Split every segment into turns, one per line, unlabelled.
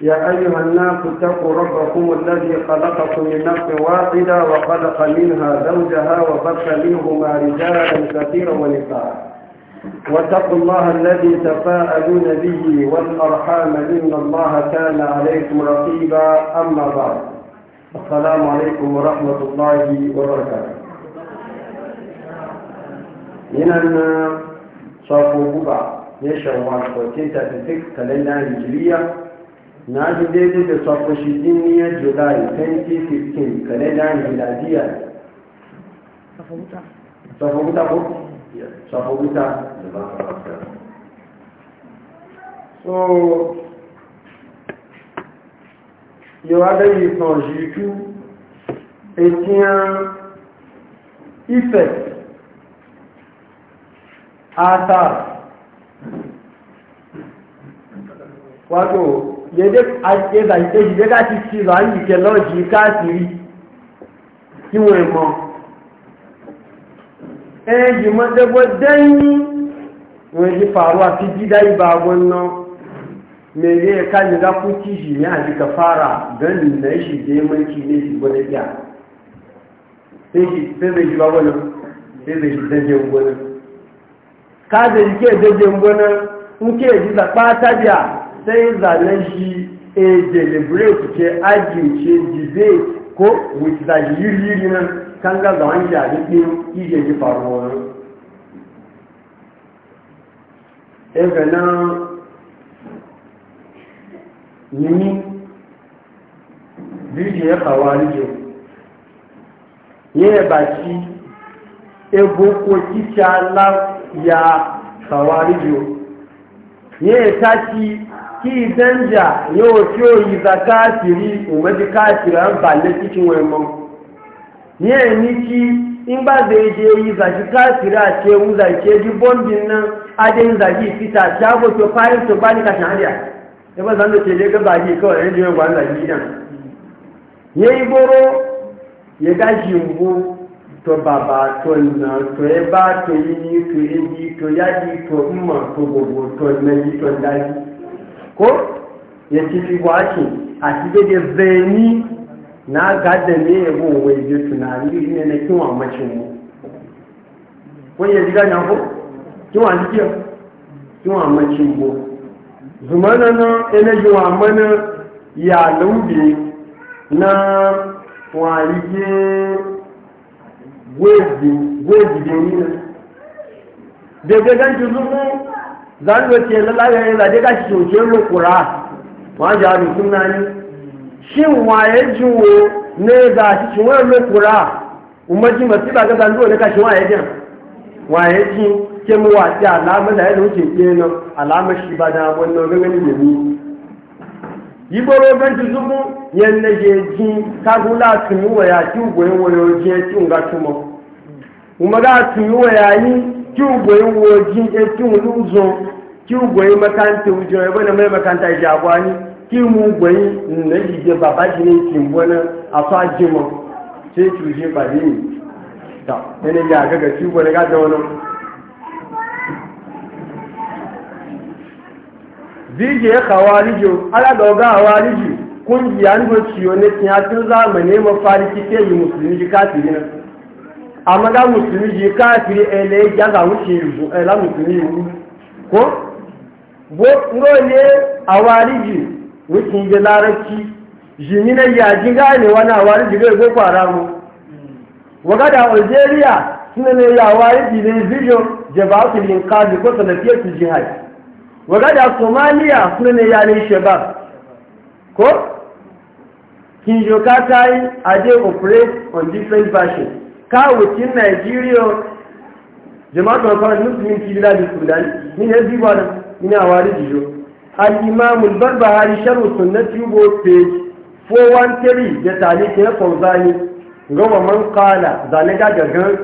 يا أيها الناس اتقوا ربكم الذي خلقكم من نفس واحدة وخلق منها زوجها وبث منهما رجالا كثيرا ونساء واتقوا الله الذي تفاءلون به والأرحام إن الله كان عليكم رقيبا أما بعد السلام عليكم ورحمة الله وبركاته من أن صافوا ببع يشعر في 36 كالندر الهجرية na ji daidai da sakwashidin niyyar july 2015 kalendar miladiya safaguta ko? safaguta so yóò adéyí kan jìtú ètìyàn ìfẹ̀ àtà wájú yẹdẹ ẹgbà ìkejì yẹ ká ti ti rà ní ìkẹ lọ́ọ̀jì káàkiri tí wọ́n mọ̀ ẹ̀ẹ́dì mọ́tẹ́gbọ́ dẹ́yìn wọ́n ti fàárọ̀ àti dídá ibà wọn ná mẹ́rẹ́ ẹ̀ka nígbà kú tí ìṣì ní àdìkà fara gẹ́lì ní ẹ̀ṣì dé mọ́tì ní ìṣì gbọ́dọ̀ bíà fẹ́rẹ̀ ìṣì bá wọ́n fẹ́rẹ̀ ìṣì dẹ́jẹ̀ ń gbọ́n káàdì ìṣì dẹ́jẹ̀ ń gbọ́n ń kí èdè sai zanen shi a deliberate ce ajiye ce debate ko with da yiri nan kan ga zaman shi a jikin ije ji faruwa wani ebe nan nini bíjì ya kàwàrí jẹ yẹ́ bàtí ebo kò títí aláyà kàwàrí jẹ yẹ́ tàtí ki danja yau ciwo yi za kafiri umarci kafiri an balle cikin ni ki in ba je yi za shi kafiri a ce wu za ke ji nye nan adin zagi fita shago to fayin to ni kashin hadiya ya ba zan da je ba ji yi goro ya gashi mbu to baba to na to ya ba to yi to ya ji to ya ji to mma to gogo to na to ko ya ci fi wace a ci da zai na gada ne ya bu wai je tunani ne na kinwa macin mu wani ya jiga na ko kinwa jikiya kinwa macin mu zumana na energy wa mana ya laube na waye gwezi gwezi da nina daga ganci zuku zanro ce lalaga ya zaje ga shi kura ma ja ni kunna ni shin waye juwo ne ga shi shin waye mu kura umaji ma tiba ga zanro ne ka shin waye jin waye ji ke mu wa ta alama da yadda wuce ke nan alama shi ba da wannan ganin ne ni yi gboro ganci zubu yan na je ji kagula tuni waya ti goyen wayo je ti nga tumo umaga tuni waya ni kiwugwe woji etun luzo kiwugwe makanta wujo ya bane mai makanta jagwani kiwugwe na jije baba jini kimbona a fajima sai cuje bari ne ta yana ya gaga kiwugwe na gada wani zige ya kawarijo ala dauga kawarijo kungiya nuna ciyo ne tiyatin zamani mafarki ke yi musulmi ji kafirina amma ga musulmi ji kafiri ele ya ga wuce la musulmi wu ko bo ngole awariji wuce je larabci jimina ya ji gane wani awariji bai go fara mu waga da algeria suna ne ya awariji ne video je ba su lin kazi ko salafiyar su jihad waga somalia suna ne ya ne shabab ko kinjo katai are they operate on different versions káwòkí nàìjíríà jama'atu alfarar musulmin ti bila da sudani ni ya ziba da ina wari jiyo al-imamul barbahari sharu sunnati bo page 413 da tare ke fauzani gama man kala zane gagagan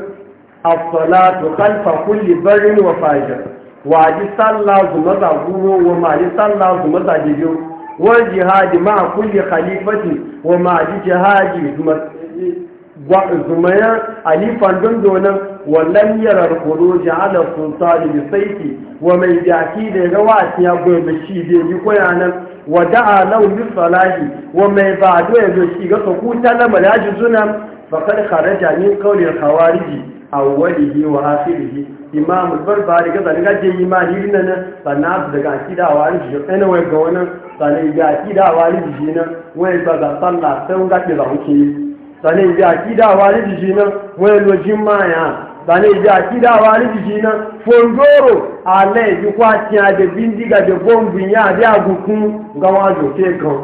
as-salatu khalfa kulli barin wa fajr wa ji sallah zuma za guro wa ma ji sallah zuma za jiyo wa jihadi ma kulli khalifati wa ma ji jihadi zuma zumaya alifan dundonan wallan yarar kudu ja'alar sultani da saiti wa mai yaki da rawa a ya goyi shi da yi koya nan wa da'a launin salahi wa mai ba doya da shi ga sakuta na malaji zunan fakar kharaja min kaulir hawariji awwalihi wa akhirihi imam al-barbari ga zalika je imani din nan sannan daga akida wariji sai na wai ga wannan sanai ga akida wariji nan wai ba ga sallah sai ga da hukunci sani ibi akida wa ní na náà wọ́n èlò ya máa yà sani ìjẹ́ àkídà wa ní jìjì náà ala alẹ́ ìdíkọ́ àti àdèbí ń dígà dé bọ́ǹbù yẹn àdé kan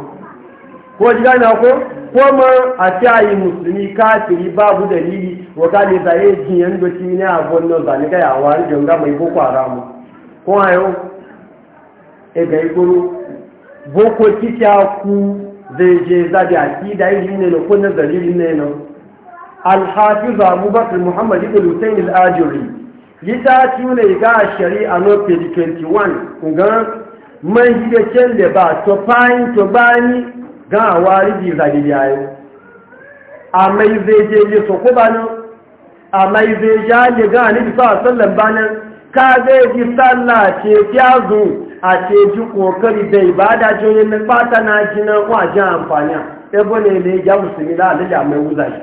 ko jiga na ko ko ma a ta yi musulmi kafiri babu dalili wa ka ne zaye jiyan doki ne a gwannan zane ga yawa ni gama mai kwara haramu ko ayo boko ku zai je zabi aqida yi ne na ko nazari ne na al-hafiz Abu Bakr Muhammad ibn Hussein al-Ajuri yita tune ga shari'a no page 21 kunga man gida da ba to fayin to bani ga wariji zabi yayi mai zai je yi so ko A mai zai ja ne ga ni sallallahu alaihi ba bana ka zai ji sallah ce ya zo a ce ji kokari da ibada joyin na fata na jina wa wajen amfani ebe ne ne ya musulmi da alaja mai wuza shi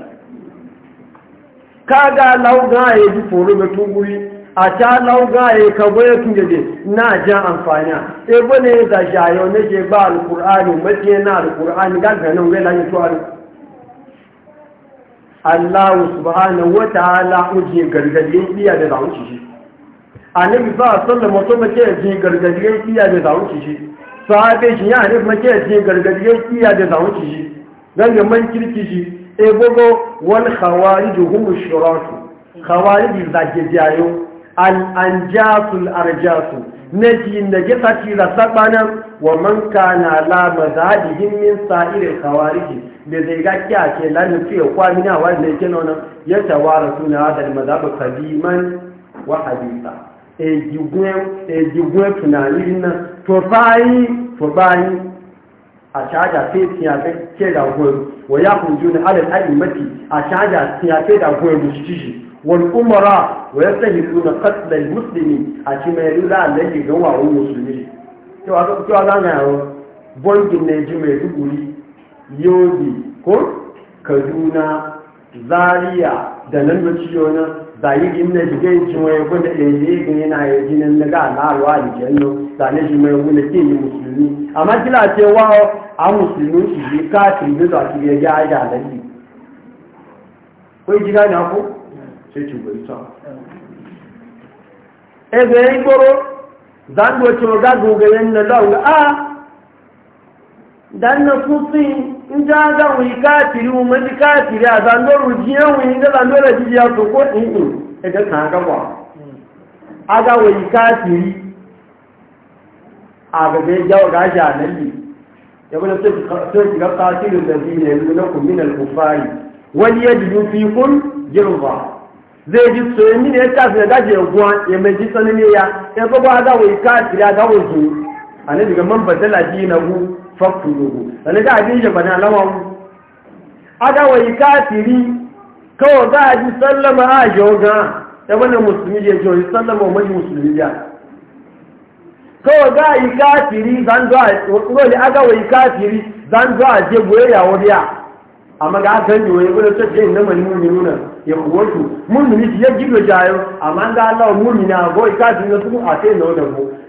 kaga lauga ya ji foro da tunguri a ta lauga ya kabo ya tunjade na jan amfani ebe ne da shayo na ke ba alkur'ani matsayin na alkur'ani gagganin wela yi tuwaru Allah subhanahu wa ta'ala uje gargadin iya da zaunci shi annabi ba sallan wato mace ji gargadiyar kiya da zaun ci shi sahabe shi ya annabi mace ji gargadiyar kiya da zaun ci shi gangan man kirki shi e gogo wal khawarij hum shurat khawarij zajejayo al anjasul arjasu naji naji sati da sabana wa man kana la mazhabihim min sa'ir al khawarij da zai ga kiya ke lalu ce kwamina wanda yake nona ya tawara suna da mazhab qadiman wa haditha ejigwe tunani na to bayi to bayi a shaja sai tiyafe ke da gwen wa ya kunju na alal alimati a shaja tiyafe da gwen mushiji wal umara wa yastahilu na qatl al muslimi a ci mai lula allahi ga wawo musulmi to a to a zanga yawo bondin ne ji mai duguri yobi ko kaduna zaria da nan da ciyo na zane shi ne shi kai shi mai kuma eji na eji nan na ga na ruwa da jenno zane shi mai wuna ke yi musulmi amma kila ce wa a musulmi shi yi kafin da za su yi ya da halalli ko ji gani ko
sai ci bai sa
ebe yi goro zan doce ga gogayen na lau a dan na sutsin in ta ga wani kafiri mu maji kafiri a zandon rujiyan wani da zandon rajiya to ko in in e ga kan ga ba a ga wani kafiri a ga bai ga shi a nan ne ya bude sai ki ga kafiri da zai ne mu na kumin al-kufari wani ya ji fi kun jirba zai ji so ni ne ta da gaje guwa ya mai ji sanin ya ya ga ba ga wani kafiri a ga wani annabi ga man badala dinahu fakuluhu da ga abin shi bana lawan adawa yi kafiri kawo za a ji sallama a joga da wani musulmi da ya ji sallama mai musulmi ya kawo za a yi kafiri zan zuwa roli agawa yi kafiri zan zuwa je goye yawo biya amma ga aka yi wani wani sassa yin namani mummi nuna ya kuwatu mummi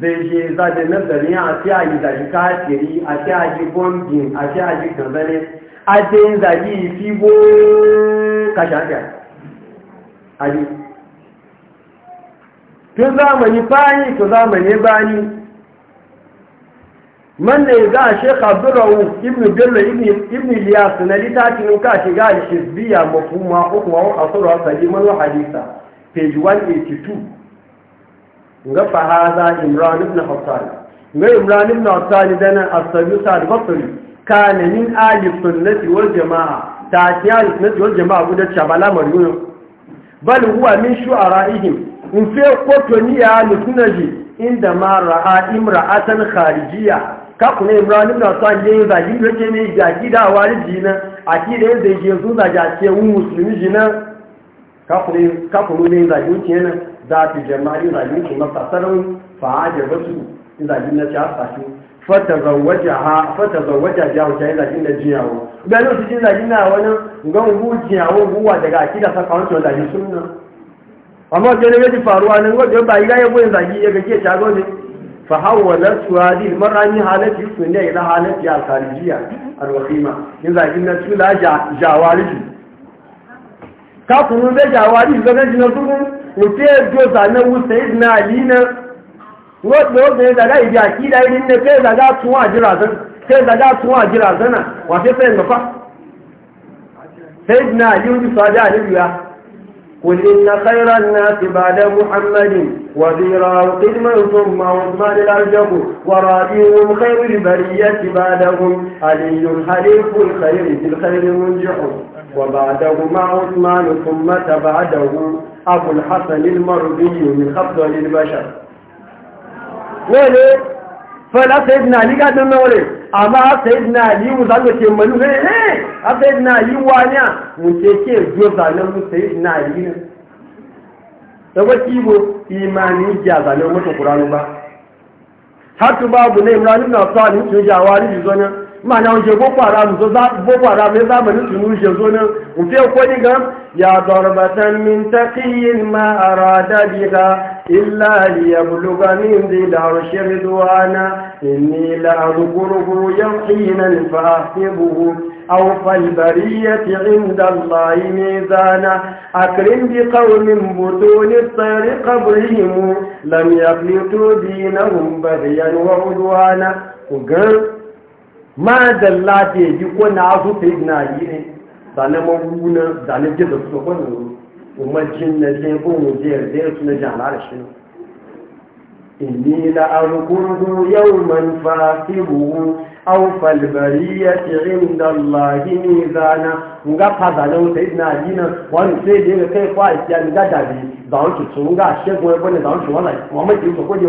zai je za da nazari a ce a yi zaji kafiri a ce a yi bombin a ce a yi kanzane a ce yin zaji fi bo kashi haka a yi tun zamani bayi tun zamani bani man da ya za a shekha abdurrahu ibn bello ibn iliyas na littafin ka shiga al-shizbiya mafhuma hukuma wa asru al-saliman wa hadisa page 182 ga fa hadha imran ibn hattan ga imran ibn hattan dana as-sayyid al-basri kana min ahli sunnati wal jamaa ta ti ahli sunnati wal jamaa guda chabala mariyo bal huwa min shu'ara'ihim in fe ko to ni ya ahli sunnati inda ma ra'a imra'atan kharijiyya ka kuma imran ibn hattan ne da yi yake ne ga kida wariji na akida yadda yake zuwa ga ce musulmi jina ka kuma ka kuma ne da yake za ta jama'i zabi su masa sarau fa'aje basu zabi na ci hasa shi fata zawaja jawo ta yi zabi na jiyawo bayan su ji zabi na wani gangu jiyawo guwa daga akida saka wancan zabi sunna amma wajen ne ji faruwa nan wajen ba yi gaya goyin zabi ya gake shago ne fa hawa na suwadi marani halafi su ne ila halafi alkhalijiya alwakima yin zabi na tula jawariji kakunun bai jawariji zanen jinar tukun mutu ya jo zanen wusa yi na alina wadda wadda ya zaga ibi akida yi ne kai zaga tun a jira zana kai zaga tun a jira zana wafe sai nufa sai na aliyu ji sadi aliyu ya قل إن خير الناس بعد محمد وزيرا قدما ثم عثمان الأرجب ورابيهم خير البرية بعدهم علي حليف الخير في الخير منجح وبعدهما عثمان ثم تبعده أبو الحسن المرضي من خفضل البشر وليه فلا سيدنا علي قد نوري أما سيدنا علي وزالة منه إيه سيدنا علي وانيا متكي جوزا نمو سيدنا علي Dawa kibo imanin ya zanen wata ƙuranu ba, har tu babu na imranin na sa mana wuce boko haram zo za boko haram ne zamanin su wuce zo nan mu fiye ko ni gam ya darbatan min taqiyin ma arada biha illa liyabluga min dil arshi ridwana inni la azkuruhu yaqinan fa ahsibuhu أو فالبرية عند الله ميزانا أكرم بقوم بطون الطير قبرهم لم يخلطوا دينهم بغيا وعدوانا وقال ma da lafiya ji ko na su yi na yi ne zane mawuna zane ji da su kwanu umarcin na sai ko mu je yarda ya suna jan larashi inni la arkudu yawman fasibu aw fal bariyati inda allah mizana nga fada na sai na yi na wani sai da kai kwa ya ga dabi da wuce sun ga shegun wani da wuce wala wa mai ko je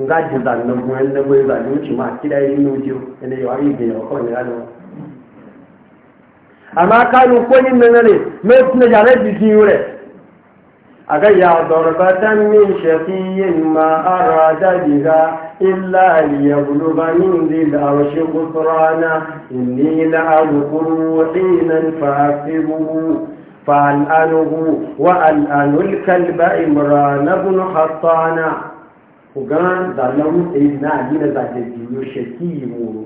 nga jiza na mu en lebo ba ni uchi ma kida yi ni uji ene yo ari be ko ni ano ama ka lu ko ni nana ne me tne jare bi ti ure aga ya darbatan min shaqiyin ma arada biha illa liyabluga min dhil arshi qusrana inni la'abqu hinan fa'asibuhu فألأنه وألأن الكلب إمران بن حطانا kugan da lamu ɗin na gina zaje biyu shaki yi moro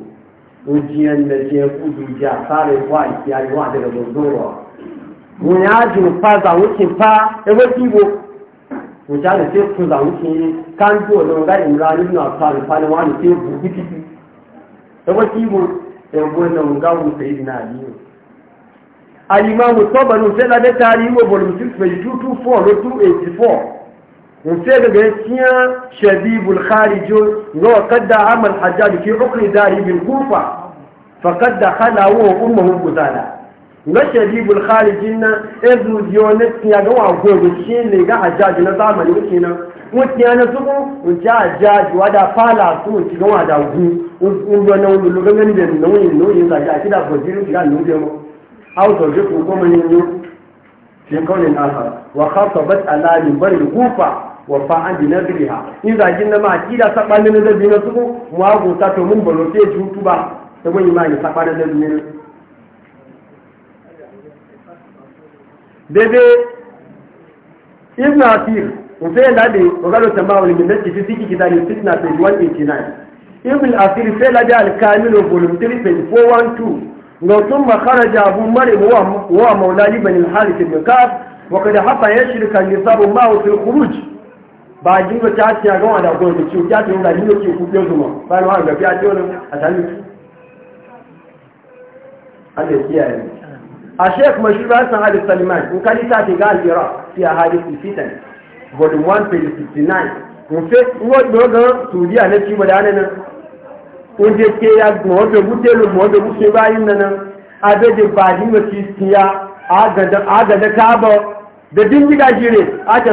ujiyan da je kudu a fare kwa kiya yi wa daga dondoro mun ya jin fa za wuce fa e ba kibo mun ja da sai ku za wuce kan ko don ga imran na fare fa ne wani sai bu kiti e ba kibo e bo na mun ga mu sai na biyu al-imam tabanu sai da tarihi wa volume 6 page 224 to 284 وفي جنسيا شبيب الخارج قد عمل حجاج في عقر داره بالكوفة فقد دخل هو أمه بزالة وشبيب الخارج إن إذن ديونت يقوى جوا الشين اللي جا حجاج نظام الوكينا وتيانا سوكو وجا حجاج ودا فالا سو تجوا دا وجو وجوانا ولوغان بين نوين نوين زاجا كده بزيرو كده نوديمو أو ترجع كوكو من يو في قول الآخر وخاطبت على منبر الكوفة wa fa an dina biha in zagin na ma akida sabanin da zabi na suku mu hago ta to mun balo sai jutu ba to mun imani sabanin da zabi ne bebe ibn asir وفي الذي وقالوا تمام من في فيك كتاب الفتنة في 189 ابن الأثير في الذي الكامل فولوم 3 في 412 لو ثم خرج أبو مريم وهو مولى بن الحارث بن كعب وقد حتى يشرك النصاب معه في الخروج ba a jingo ta ce ga wanda ko da ciwo ya ce wanda zuma ba na wanda ga ya ce wani a tani Allah kiyaye a Sheikh Mashur Hassan Ali Salman in kali ta ce ga al-Iraq fi ahadith fitan volume 1 page 69 mun fe wo do ga Saudiya ne ci madana nan kun je ke ya mo do butelo mo do busse bayin nan abede ba jingo ci a ga da ka ba da dingiga a ta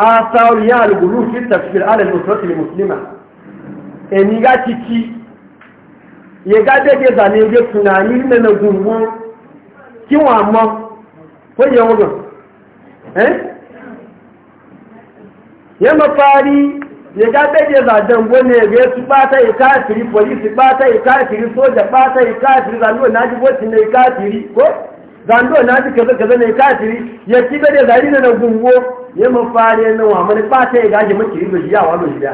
آثار يا الغلو في التفسير على الأسرة المسلمة ẹni ga titi ya ga dade zane ya tunani na na gungu kí wọn mọ kó yẹ wọn gan ẹ yẹ mọ fari ya ga dade zaden gbọna ya ga su bata ya kafiri polisi bata zando na ji kaza kaza ne kafiri ya ki da zari na gungo ya mu fare na wa mun ba ta ga ji maki rido ya wa do ya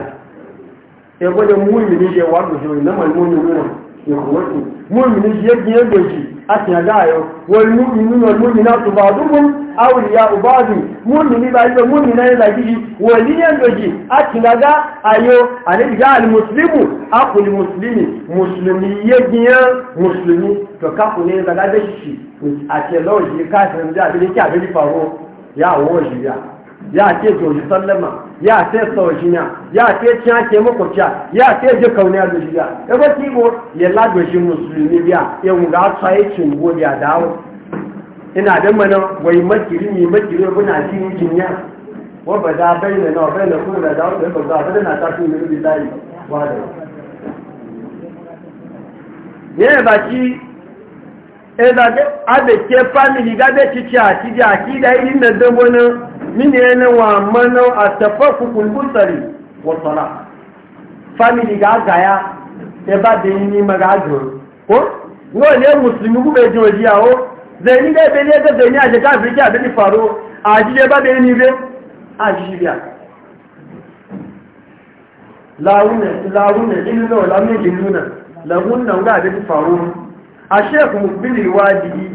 e ko da mu ne je wa do na mal mu ne ikhwati mu'mini yake yake shi ake gayo wal mu'minu wal mu'minatu ba'dhum awliya'u ba'd mu'mini ba yi mu'mina ne zaki shi wali ne doji ake gaga ayo ani ga al muslimu aqul muslimi muslimi yake muslimi to ka ku ne daga da shi ake lawo ya wo ya ya ce to ya ce sawashinya ya ce ciya ke makwabciya ya ce ji kauni a shiga ya ba ki bo ya lagwashi musulmi biya ya wuga yi cin gobe a dawo ina da mana wai makiri ne makiri kuna jin jinya wa ba za bai na nawa bai na kuma da dawo da ba za na ta fi ne da dai wa da ne ba ki e da ke fami higa bai ci ci a ci da ki da irin da dabo mini yana wa mana a tafafu kulbusari wa tsara family ga gaya ya ba da yi nima ga ajiyar ko yau ne musulmi gube ji waje yawo zai ni ga ebe ne ga zai ni a shiga afirka da ni faro a ajiye ba da yi nibe a ajiye laruna ilina wa lamun ilina lamun na wuga da ni faro a shekhu mukbili wadi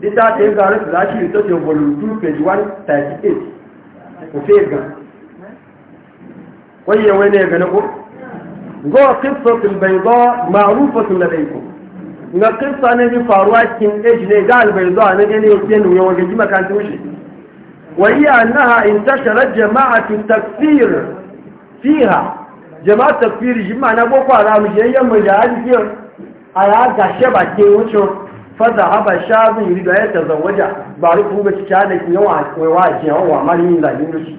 littafin garin su za shi rito ce volume 2 page 138 وفيقا ويا وين يا جنبه جوا قصة البيضاء معروفة لديكم إن القصة نبي فاروات كن أجني قال البيضاء نبي يوتين ويوجد ما كانت وشي وهي أنها انتشرت جماعة التكفير فيها جماعة التكفير جماعة نبوكو على مجيئة مجاعد فيها على قشبة كن وشو fada haba shazin yuri da ya tazawaja ba rufu ba ta kada ki yawa wa ji yawa mari yin zabi ne shi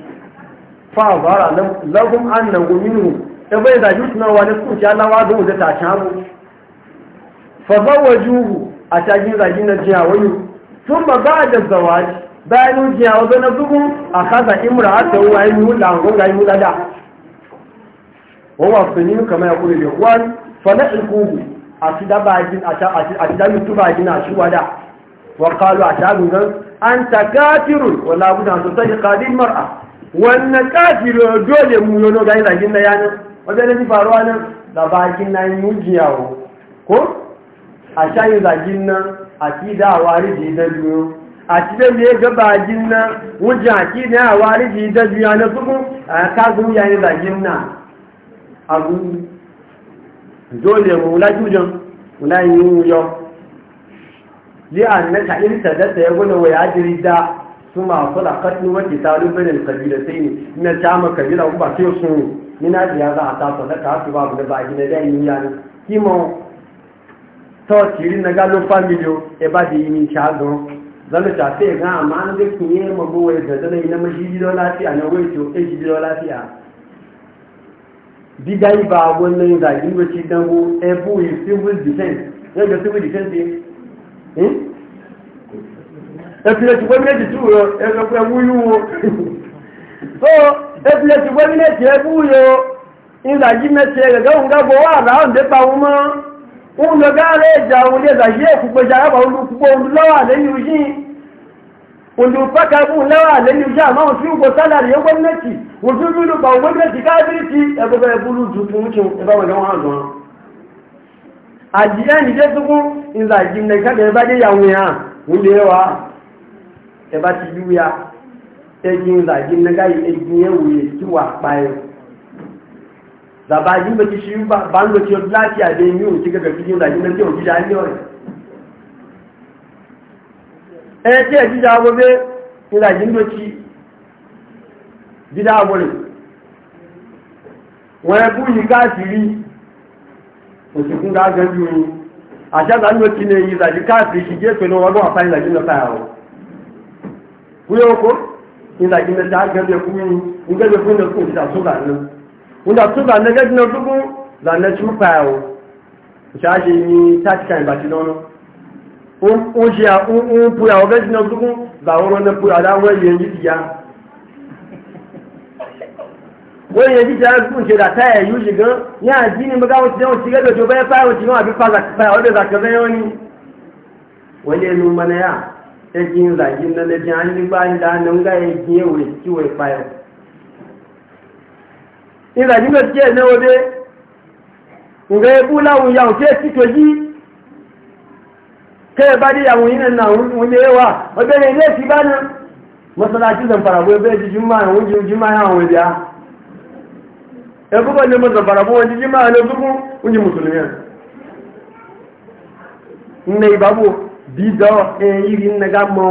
fa bara lahum gomin mu da bai da yusu na ne sun ci Allah wa zo da ta shamu fa zawajuhu a tagin zagi na jiya wani sun ba ba da zawaji bayan jiya wazo na zubu a kaza imra'atu wa yi langon ga yi da. wa wasfinin kama ya kuri da kuwa fa na ikuhu àti dábàájí túbàájí náà ṣúwádà wọ́kálù àṣágùn gan an ta káàkiri wọ́n lábúdá tó sọ́jẹ́ kàdín mara wọ́n káàkiri dole mú yóò náà gáyìí lagin na yanar wajen da ti faruwa nan labakin na yi mujiyawo ko a shayin lagin nan a ti da dole mu wula jujan wula yi mu yau li annaka in tadata ya gona wa yajiri da suma kula katu wa kitalu bainal qabilatayn ina ta ma kabila ku ba sai sun nina da ya za a ta sadaka su ba bu da ba gina da yin yani kimo to tiri na galo family e ba di yin cha go zalo ta sai ga amma an da kiye ma bo wai da zalai na mashi dola fi ana wai to e ji dola fi bidai ba wannan zagin wace dango ebu yi civil defense yau da civil defense yi ẹfìlẹ̀tì gómìnàtì tí wọ́n ẹgbẹ̀kọ́ ẹwú yíwo so ẹfìlẹ̀tì gómìnàtì ẹbú yọ ìlàjí mẹ́tì ẹgbẹ̀gẹ́ òun gbogbo wà láàrín dépa wọn mọ́ òun lọ gáàrẹ́ ìjà òun lè zàyé ẹ̀kùpẹ̀jà arábà olùkúgbò olùlọ́wà lẹ́yìn òyìn undupaka bu lawa lenyu jama usiugo salary ya gwamnati usuzulu ba gwamnati kafirci ya gaba ya bulu dutu muke ya ba wajen ya wunde yawa ya ba ti yuya e jin za jin ne kai e jin ya wuye ki wa paye za ba jin ba ki shi ba ban do ki lafiya da yi mu ki ga ga ɗaya ce ya ji da gobe ina jin doci ji da gobe wọ́n ẹkú yìí káàkiri òṣìkún gáàgán bí oyin àṣàgbà ní òkí ní èyí ìdàjí káàkiri ṣì jẹ́ pẹ̀lú ọgbọ́n àpá ìdàjí lọ́ta ẹ̀rọ kúrẹ́ oko ìdàjí mẹ́ta gẹ́gẹ́ kú yìí nígbẹ́gbẹ́ fún ẹkú ìdàtúbà náà ìdàtúbà náà gẹ́gẹ́ ó ṣe ń pura ọ̀fẹ́ sínú ọdún bàwọn ọmọ pura láwọn èèyàn yìí ti e ya wọ́n yẹn jíjà ń ṣe dàtà ẹ̀ yóò gan ní àjí ni mọ́gá wọ́n ti dẹ́wọ̀n e ti gẹ́gẹ́ tó bẹ́ẹ̀ fáwọn ti náà àbí fàlà ọdẹ bàtẹ́ bẹ́ẹ̀ wọ́n ni wọ́n lé nu mọ́nà yá ẹ̀jì ń rà yìí nà kẹ́ẹ̀ bá díyàwó yínà náà wọ́n lé wà ọgbẹ́ni ilé ti bá náà mọ́sálásí zamfarabu ẹgbẹ́ ti jùmọ́ àwọn jù jùmọ́ àwọn ìdí á ẹgbẹ́ ní mọ́ zamfarabu wọn ti jùmọ́ àwọn olóògùn oúnjẹ mùsùlùmí nne ìbábò bídọ́ ẹ̀yìrì nnega mọ́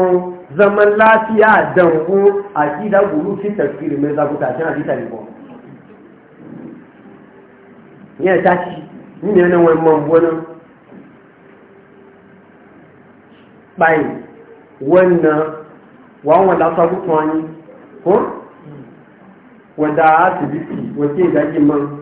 zaman láfíà dànkó àti ìdágbòlù fi tẹ̀síìrì mẹ́zàkútà àti àti tàlìbọ̀ yẹn táṣì nínú ẹni wọn mọ̀ bayin wannan wawan da ta gutuwa ni ko wanda asibiti wace da man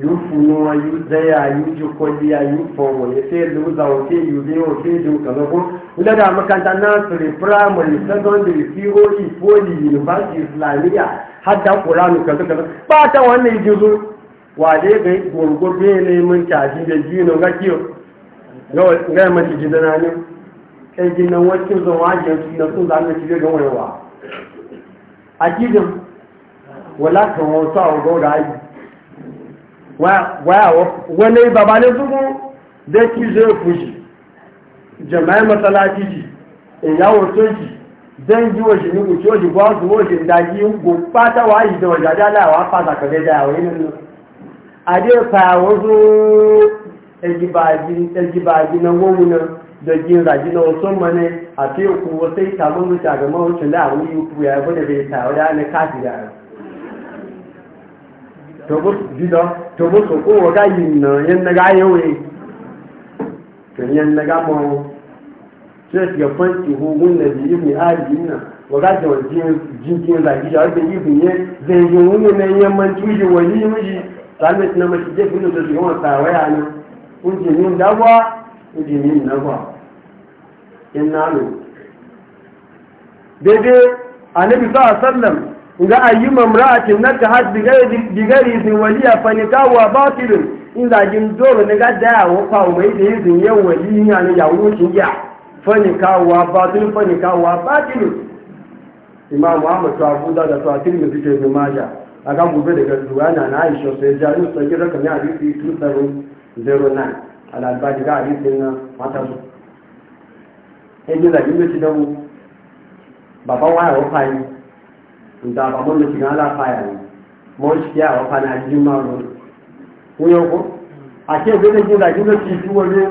yóò funu wọn yóò zẹyà yóò jókòó yíya yóò fọ wọn yẹ fẹ lóza wọn fẹ yorùbá wọn fẹ dùn kàlọ kó ndada makanta nursery primary secondary coe poli university islamiyya hadda kuranu kàlọ kàlọ kpata wọn lè jùlọ wàdé bẹ gbòǹgbò bẹẹ lè mú kí a jí bẹ jí nù nga kí o nga ẹ ma ti jí dáná ni ẹjì na wọ́n tí ó wọ́n ajẹ́ tí ó tún láàrín ìṣẹ́lẹ̀ lọ́wọ́ ẹwà àjíjọ wọ́n láti wọn sọ àwọn ọgọ́ ọ̀rọ̀ ayé wọ́n lé bàbá ní fúnkún dé kí ṣe é fún yìí jẹ̀máì mọ́sálásí yìí ìyàwó tó yìí dẹ́njú òṣì ní kò tí ó dìbò ọ̀sùn ó sì ń dájí ń gbò pátáwá ìdè ọ̀jà dálẹ̀ àwọn pàtàkì lẹ́dà àwọn nínú adé pa da jin zagi na wasu mane a ce ku sai samun mutu ga mawucin da a wuyi ku ya bude bai tawo da ana kafi da ana to bu su kowa ga yin na yan na yawe to yan na ga mawu sai su yafan ki hugun na biyu mai ari yin na waga da wajen jinkin zagi da wajen yi bunye zai yi wuni na yammanci shi wani yi wuji sami na mashi jefi da su shiga wasa waya nan kun ce min ìdí ní ìnáwà ìnáàlò daidai a nabi a sallam ga ayyuman ra'atin na ta hajj digari zin waliya fanikawa batilin in zagin na gada ya wafa mai da izin yan waliya na yawon shi ya fanikawa batilin fanikawa batilin imam ahmad ta abu da ta atil da suke maja a kan gobe daga zuwa na na aisha sai jari kamar al'albaji za a yi na mata su ẹgbẹ́ ìlàjú ló ti dánwò bàbá wá ẹ̀wọ́ pa yìí ǹdà àbámọ́ ló ti rán aláfa yà ní mọ́ sí yà ẹ̀wọ́ pa ní ajíjú máa lọ ó yọ kó àti ẹgbẹ́ ìlàjú ìlàjú ló ti fi wọlé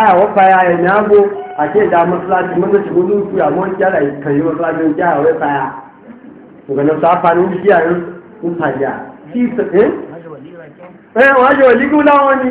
ẹ̀wọ́ pa yà ẹ̀ ní àgbo àti ẹ̀dá mọ́sálásí mọ́ ló ti wọlé ń fi àmọ́ ń jára ìkànnì mọ́sálásí ń já ẹ̀wọ́ pa yà ìgbàlọ́ sọ afa ní oúnjẹ àrùn ń pàjà. ẹ wọ́n á jẹ́ òlígún láwọn ni.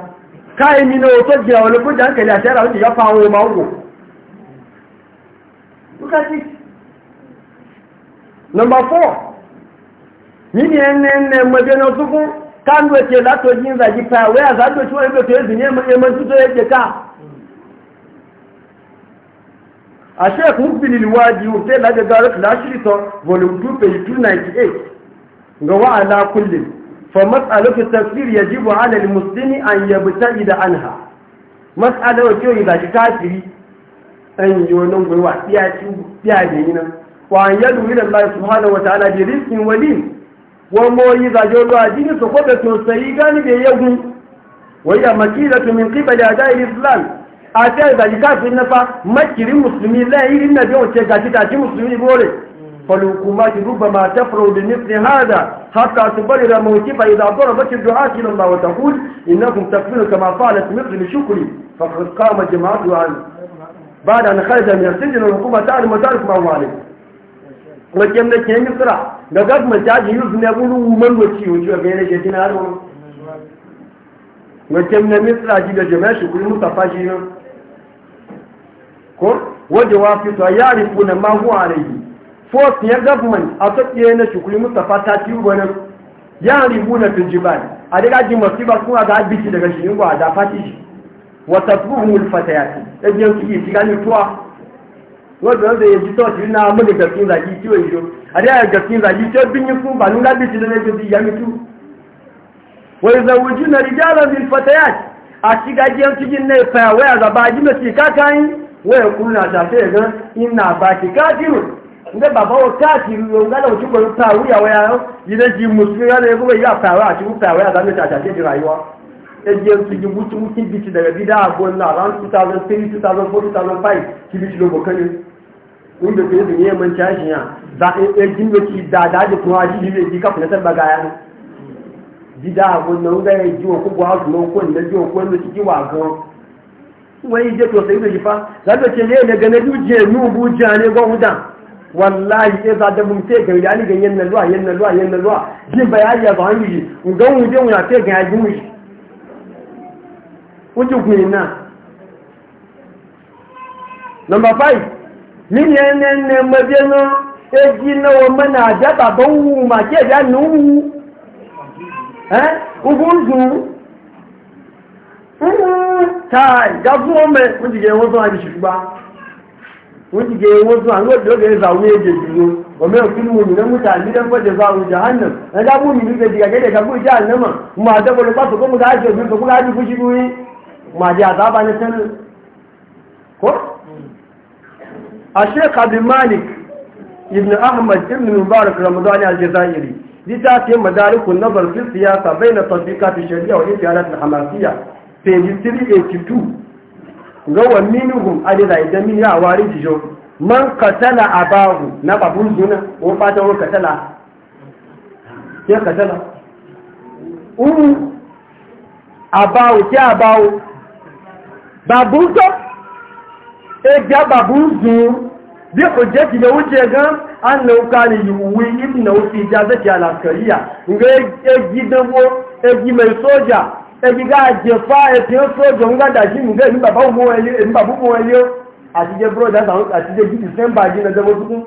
káyé mi náà tó jẹ ológun jáǹkẹ̀lẹ̀ àti ẹ̀rà ó ti yọ́ fa àwọn ọmọ wò look at it number four nínú ẹni ẹni ẹmọdé náà tó fún káńdù ètè látọjú ń ràjí pa àwẹ́ àzájò tí wọ́n ń gbèsè èzì ní ẹmọ tó tó yẹ ká àṣẹ ẹ̀kún bìlì níwájú òfé lágbègbè arẹ́kùnrin àṣírí sọ volume two page two ninety eight ngọ̀wọ́ àlàkùnlé فمسألة التكفير يجب على المسلم أن يبتعد عنها مسألة وكيو إذا كافري أن يونم ويوحياتينا وأن يدعو إلى الله سبحانه وتعالى برزق وليم ومو إذا جولوا أدين سقطة سيئان بيهم وهي مكيدة من قبل أداء الإسلام أتى إذا كافر نفا مكر مسلمين لا إلا نبيون تكاتي كاتي مسلمين بولي فالحكومات ربما تفرغ بمثل هذا حتى تبرر موقفها إذا ضربت الدعاة إلى الله وتقول إنكم تكفروا كما فعلت مثل بشكر فقد قام جماعته عنه بعد أن خرج من السجن الحكومة تعلم وتعرف ما هو عليه wajen da ke misra da gagmar يزن يقول من وشي wani umar wace wace a bayan shi tina har wani wajen na misra ji da force ya government a na shukuri mustapha ta ci gwanin ya ribu na finjibal a daga ji masifa kuma ga abinci daga shi yungu a dafa shi wata tuhumul fatayati ebiyan su yi shiga ne tuwa wanda wanda ya ji tawaci na amma da gaskin zagi ciwo yi a daga gaskin zagi ce bin yi kuma ba nuna abinci da nake ji ya mutu wai zawuji na rijalar min fatayati a shiga jiyan cikin na faya waya zaba ji mai shi kakayin waya kuna shafe ga ina ba ki kafirun nga baba wo káàkiri wo nga lọ tukọ̀ ta awúyàwó ya yọ yìí ti mùsùlùmí yọ lẹ́yìn fúnbẹ̀ yìí àtàwé àti wútàwé àdáni tàṣà ṣe ti ràyíwá ebi etu yi wutu wuti bi ti dẹ̀rẹ̀ bi dáa bọ̀ nla around two thousand three two thousand four two thousand five ti bi ti lo bọ̀ ń bẹ̀ kẹ́lẹ́ bẹ̀yẹ̀ mọ̀ nkyẹn ṣe yàn da edi mi ti da da di kun ayi yìí ebi kakùn ẹsẹ̀ bàgà yà bi dáa bọ̀ nla nga yẹ di òkú bọ̀ àgùn òkú ẹ̀nà di òkú ẹ̀nà ti di wà gan wọ́n yìí dé tó sẹ́yìn lè yí fa lábẹ́ tẹ̀lé ẹ̀ wallahi sai da mun sai ga yani ga yanna luwa yanna luwa yanna luwa jin bayani ya ba yi ga mu je mu ya sai ga yaji mu shi wuce ku yi number 5 min ne ne ne maje no e ji na wa mana da baban wu ma ke da nu eh ugun zu tai mm-hmm. ga zuwa mai mun ji ga wasu a bi shi wujige wasu an wadda da ya zawo ya je jiro wa mai wakil mumi na mutane dan fadda zawo jahannam na da mumi da diga gade ka ku jahannama ma da bari ba su kuma da ake bin ka kuma haji fushi duyi ma ji azaba na san ko a shekh malik ibn ahmad ibn mubarak ramadan al-jazairi littafin madarikun nazar fi siyasa bayna tatbiqat shari'a wa ihtiyalat al-hamasiyya page 382 ga wa minhum adida idan min ya wari tijo man katala abahu na babun zuna o fata o katala ke katala um abahu ke abahu babun to e ja babun zun bi hujjati da wuce gan an lauka ne yiwuwi ibn na wuce ja zaki alaskariya ga e gidan e gi mai e soja ẹgbẹ̀gá àjẹfà ẹ̀sìn ó tó jọ ń gádà sí ìmúgbẹ́ ìmú bàbá òun ẹyẹ èmú bàbá òun ẹyẹ àtijẹ́ búrọ́dà àtijẹ́ jí dìsẹ́mbà jí lọ́jọ́ mọ́ tuntun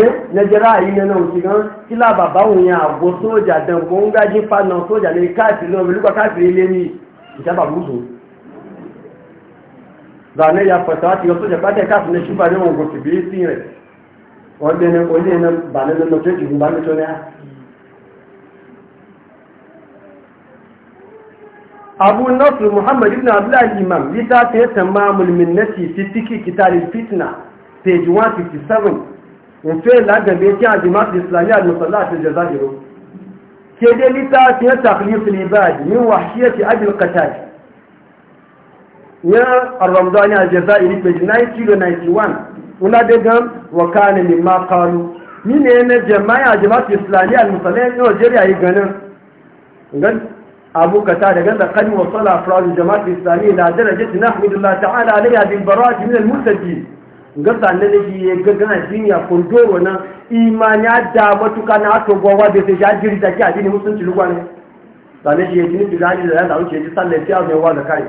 ẹ́ lẹ́jẹ̀rá yìí nínú òsì kan kí lá bàbá òun yẹn àgbo sójà dẹ̀mọ́ ń gájí fana sójà lè káàkiri lọ́wọ́ ìlú káàkiri ilé ní ìjábà búrúkú lọ́nà ya pẹ̀tọ́ àti ọsọ́jà pátẹ̀ káàkiri ṣúfà ní òun gòkè bí sí rẹ̀ wọ́n gbé ní olé náà bà nínú tó jù abu nasir muhammad ibn abdullahi imam littafin ya tamamul minnati fi tiki kitabul fitna page 157 in fe lagabe ki a jima'at islamiyya da musallat al-jazair ke dai littafin ya takhlis al-ibad min wahshiyati abi al-qatada ya ar-ramdani al-jazairi page 9091 una daga wa kana mimma qalu mine ne jama'a jima'at islamiyya al-musallat al-jazair ganin أبو قتادة قال قد وصل أفراد الجماعة الإسلامية إلى درجة نحمد الله تعالى عليها بالبراءة من المرتدين gasa nan da shi ga gana shi ya kondoro nan imani da matuka na to gwawa da sai ya jiri ki addini musulunci lugwa ne ba ne shi ya jini da hali da ya zaunce ji sallar fiya mai wa da kai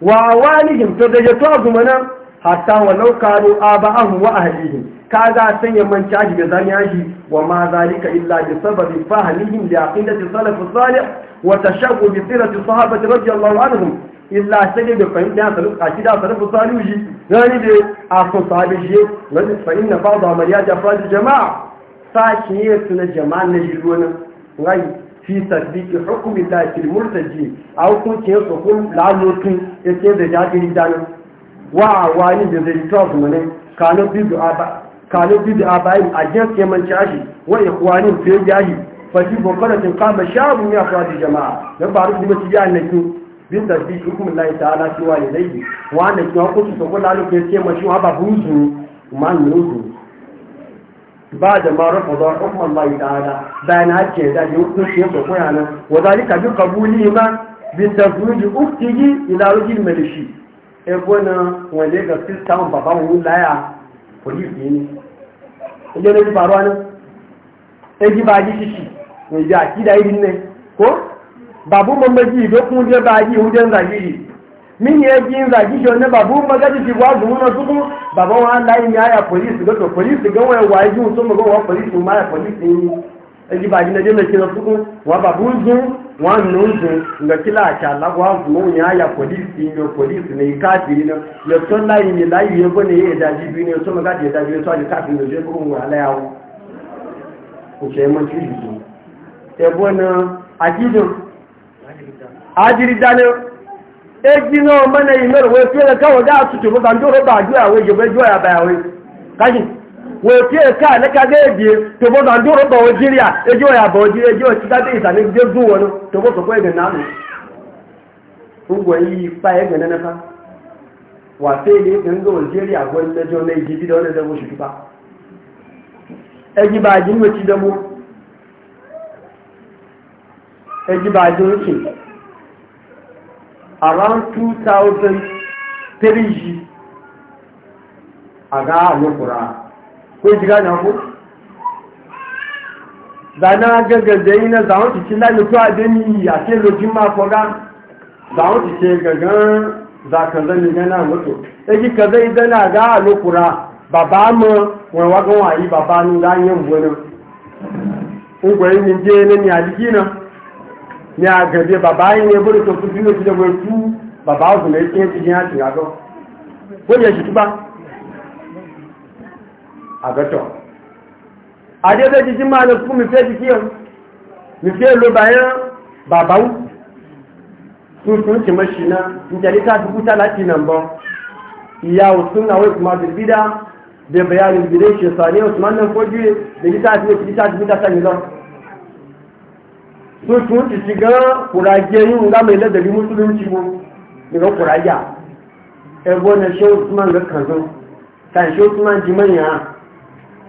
wa walihim to da ya to azumana hatta walau kanu aba'ahum wa ahlihim kaga sanya man caji da zaniya shi wa ma zalika illa bi sababi fahmihim li aqidati salafus salih wa tashaqu bi sirati sahabati radiyallahu anhum illa sai da kai fahimta salaf aqida salafus salih shi gani da afu sahabi shi wani fahimta ba'd amaliyat afrad jama'a fa shi ne suna jama'a ne shi ruwana ngai fi tasdiqi hukmi la til murtaji aw kun ce ko kun la mutun yake da jaji dan wa wani da zai tafi mana kanu bi du'a kanu bi da bayan a jin kemanci ashi wa ikwani fiye yayi fashi gokwanatin kama shabu ya a fadi jama'a don faru da mace yayi na kyau bin da bi hukum lahi ta'ala ki wa ilayhi wa na kyau ko su sako lalu ke ce mashi wa ba buzu ma nuzu ba da ma rafa da hukum lahi ta'ala bayan hake da ne ko shi ko koyana wa zalika bi qabuli ma bi tafwid uktihi ila rajul malishi e bona wale ga sistan baban wulaya polisi ne inda na ji faruwa nan ya ji ba ji shishi mai ji akida irin ne ko babu mamaji do kun je ba ji hujan zagiri min ya ji yin zagi shi wani babu magaji shi ba zumu na su baban wa layin ya ya polisi ga to polisi ga wani waye ji mutum ga wani polisi ma ya eji ba gina jina kina suku wa ba bunzu wa nunzu nga kila cha la wa mu nya ya polisi ndio polisi ne ikati ne le tona ni la yi ko ne ye da ji bi ne so ma ga da ji so ali ka bi je ko mu ala yawo ko che mo chi ji te bona ajido ajiri dane eji no mana yi mer we fi la ka wa ga su tu ba ndo ba ju awe je ba ju ya ba awe kaji wètí ẹ̀ka àlẹ́kàgé èdè tòbọ́dà dúró bọ̀ òjíríà ẹjọ́ ìyàbọ̀ òjírí ẹjọ́ ìtìdáde ìsàlẹ̀ ìdí ojú wọn tòbọ́ sọ̀kọ́ ẹ̀gẹ̀ náà nù. gbogbo yìí pa ẹ̀gẹ̀ nẹ́nẹ́fà wà fẹ́ẹ̀lẹ̀ ẹ̀gẹ̀ ńgọ̀ òjíríà wọ́n ndị ní ìjì bí around àlùkùrà ko ji gane ku zana gaggaga yi na zawon cikin lalitu a dani a ce lojin makoga zawon cikin gaggan zakazan ne gana mutu ɗaki ka zai dana ga a lokura bàbá mọ́ wọn wá gán wà yí bàbá ní láyé mbọ́nà ǹgbọ̀n ní jẹ́ ní ní àdíjí náà ní àgẹ̀dẹ̀ bàbá yìí ní ẹgbọ́n tó tún sínú ìjọba ẹ̀kú bàbá ọ̀sùn lẹ́kẹ́ ti jẹ́ àgọ́tọ̀ àdébẹ́ jíjí máa lọ fún mìfẹ́ jíjí ọ̀ mìfẹ́ ló báyán bàbá wù tuntun ti mọ́ ṣìnà nítorí káàkiri kúta láti nà bọ́ ìyá òsùn àwọn ìkùnmá bìbídá bẹ̀bẹ̀ yà lùbìdé ìṣẹ̀sọ̀ ní òsùn máa ń fojú èyí táàkiri èyí táàkiri kúta sẹ́yìn lọ tuntun ti ti gan kùrà jẹ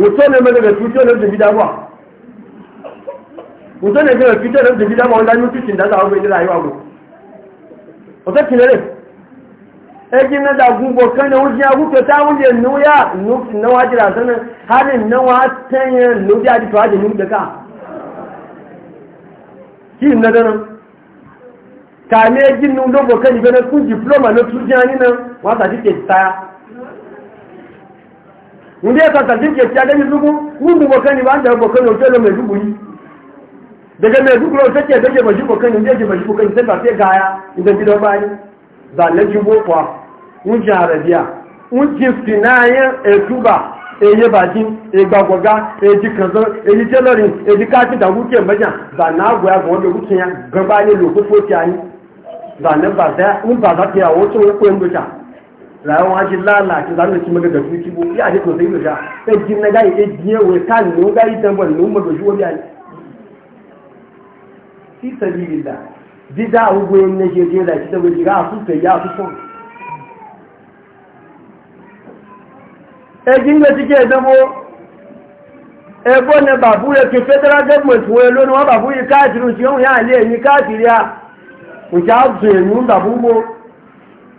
wòtó ne mẹ́lẹ̀ rẹ̀ tuntun ló dèbí dáwà wòtó ne mẹ́lẹ̀ tuntun ló dèbí dáwà ọ̀dá ní tuntun dáta ọgbẹ́ ìdílé ayé wa wò ọ̀tọ́ kìlẹ̀lẹ̀ ẹjí ní dàgún bọ̀ kán ní oúnjẹ agúkẹ́ táwọn lè nú yá nú sí náwó ajíra sẹ́nà ha lè náwó atẹ́yẹn ló bí adìtọ́ ajẹ́ ní gbẹ̀ká kí ìnà dáná kàmí ẹjí ndị ya tata dị nkechi adịghị zugwu nwunye na bụ anda bokeni ochelo ma ezugbu yi daga mai duk rau take da ke bashi kokani inda ke bashi kokani sai ba sai gaya inda gidan bani ba na ji kwa un ji arabiya un ji sinayen etuba eye baji egbagwaga eji kanzo eji tailoring eji kati da wuke majan ba na agwaya ga wanda ya gaba ne lokacin fotiya ni ba na ba za un ba za ta rayuwa shi lalace za mu ci maga da kuki bo ya ce to sai mu sha sai jin na gai e jiye we kan no gai tan ban no mu do shi wani ai fi sabilillah bida ugo yin ne je je da shi da wuri ga su sai ya su so e jin da tike da mo e bo ne babu ya ke federal government wo lo no babu yi kafiru shi on ya le ni kafiriya ku ja zu yin babu mo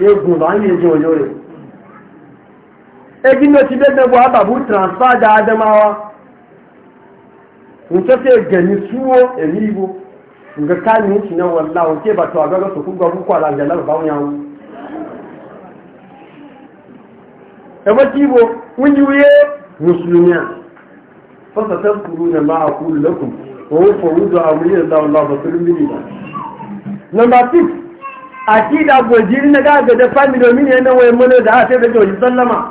egun ba ni ejo oyo re egin no ti bebe bo ababu transfer da adamawa nta se gani suwo elibo nga kani ti na walla o ke ba to agaga so ku gwa ku kwa la jala ba o nyawo e ba ti bo wunji uye muslimia fa satadkuruna ma aqulu lakum wa huwa fawdu amri Allah basirun bi Number 6 akida gojiri na gaga da family mini yana waye mana da ate be doji sallama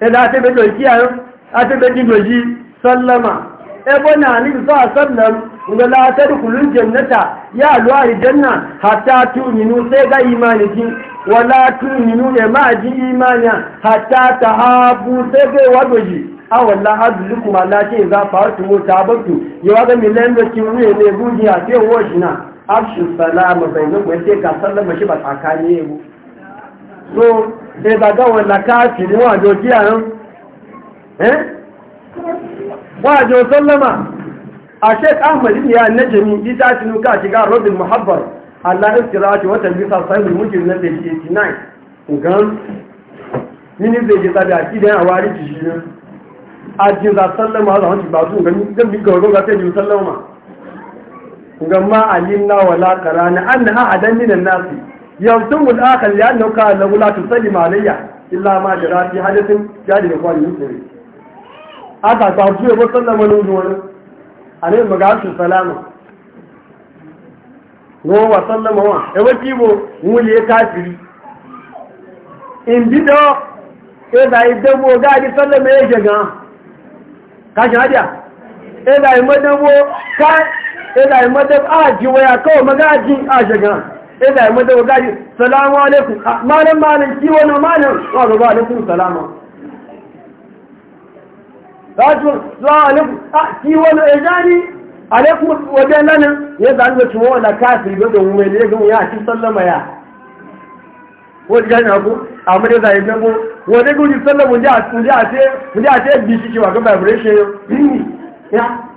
e da ate be doji ayo ate be doji sallama e bona ni sa sallam ga la ta dukulun jannata ya alwa janna hatta tu'minu sai ga imani kin wala tu'minu ya ma ji imani hatta tahabu sai ga wadoji a wallan azulikum ala za fa tu mutabatu yawa ga milan da kin ne ne afshu salama bai nan bai sai ka sallama shi ba tsakani ne mu so sai ba ga wannan kafiri wa jo kiya nan eh wa sallama a shek ahmad ibn ya najmi bi ta tinu ka shiga rabbil muhabbar Allah istirati wa bisa sahibul mujrim na 89 ugan mini zai je sabi a jiji ne a jin za sallama za hanci ba ga mi ga ga ji sallama gamma alimna wala karana an ahadan minan nasi yamtum al akhar li annahu kana la tusallim alayya illa ma jara fi hadathin jadi da kwani musulmi aka ta ju ba sallama ne duwan ale maga su salama no wa sallama wa e wati bo muli e kafiri in bido e da idabo ga di sallama e jaga ka jadia e da imadabo ka ila yi madab aji ah, waya kawo magajin a ah, shiga yi madab gaji salamu alaikum ah, malam malam ki wani malam alaikum salama zuwa alaikum e um um a ki wani ya zanen da tuwa wala ga domin mai ne gama ya ci sallama ya wani gani ku zai wani sallama mu a ce bishi cewa ga vibration ya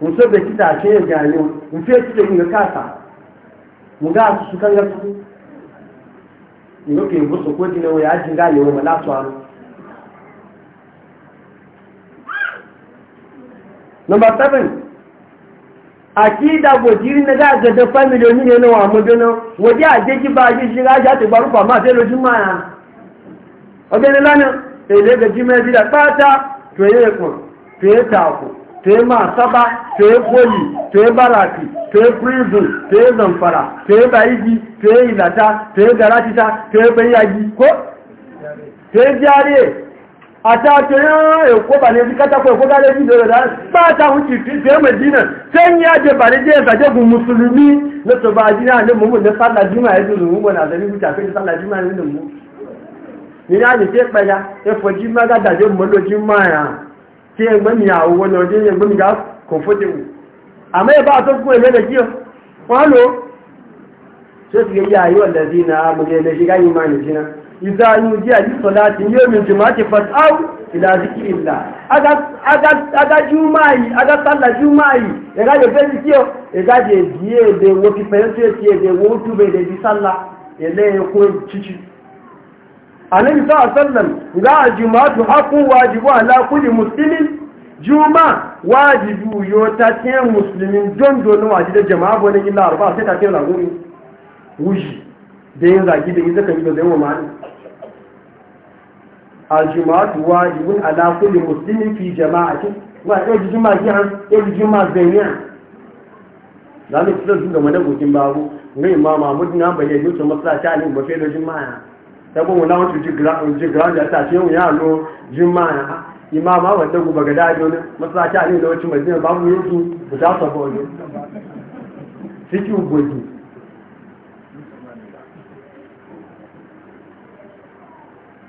nso bɛ ti taa kyɛn gyaa yi o nfi eti de nga kaasa nga asusu kanga tutu nga kee bu ko na o ya di nga yɛ o ma laato ano. Number seven. akida gojiri na gaga da ni ne na wa mugana waje aje ki ba ji shi gaja ta baru fa ma sai lo juma ya lana ele ga te masaba te koyi te baraki te prison te zamfara te baigi te ilata te garatita te bayagi ko te jare ata te eko eh, eh, bale bi kata ko gale bi dole da ba ta huci ti te medina sen ya je bale je ba je gun musulmi na to ba dina ne mu ne sallah juma ya dulu mu na da ni ta fe sallah juma ne mu ni ya ni te pa ya e fo juma ga da je mo lo juma ya tí ẹgbẹ́ mi àwọ̀ náà jẹ́ ẹgbẹ́ mi gáà comfortable àmọ́ ẹ̀bá àtọ́kù ẹ̀lẹ́gbẹ̀ jíọ̀ wọ́n lò tí ó ti yẹ yà yóò lẹ́sí na amòye ẹlẹ́sí gáyì máa nì sí na ìzá inú jẹ́ àyíṣọ́ láti yóò mi jù máa ti fọ́ áwù ìlàsíkì ìlà agájú máa yìí agátàlájú máa yìí ẹ̀gá yóò fẹ́ sí kí ọ ẹ̀gá jẹ́ annabi sallallahu alaihi wasallam ga juma'atu haqqun wajibu ala kulli muslimin juma wajibu yo ta ce muslimin don don wajibi da jama'a bane illa arba sai ta ce laguri wuji da yin zagi da yin zaka yi da zai wa mani aljuma'atu wajibun ala kulli muslimin fi jama'ati wa yaji e juma'a ki han yaji e juma'a zainiya zamu tsira su da madagokin babu ngai ma tagbogbo na wato ji da ta ce mu ya lo ma. na imama wata guba ga dajo ne masaki a ne da wacin majina ba mu yanzu bu ta sabo ne siki ugbodi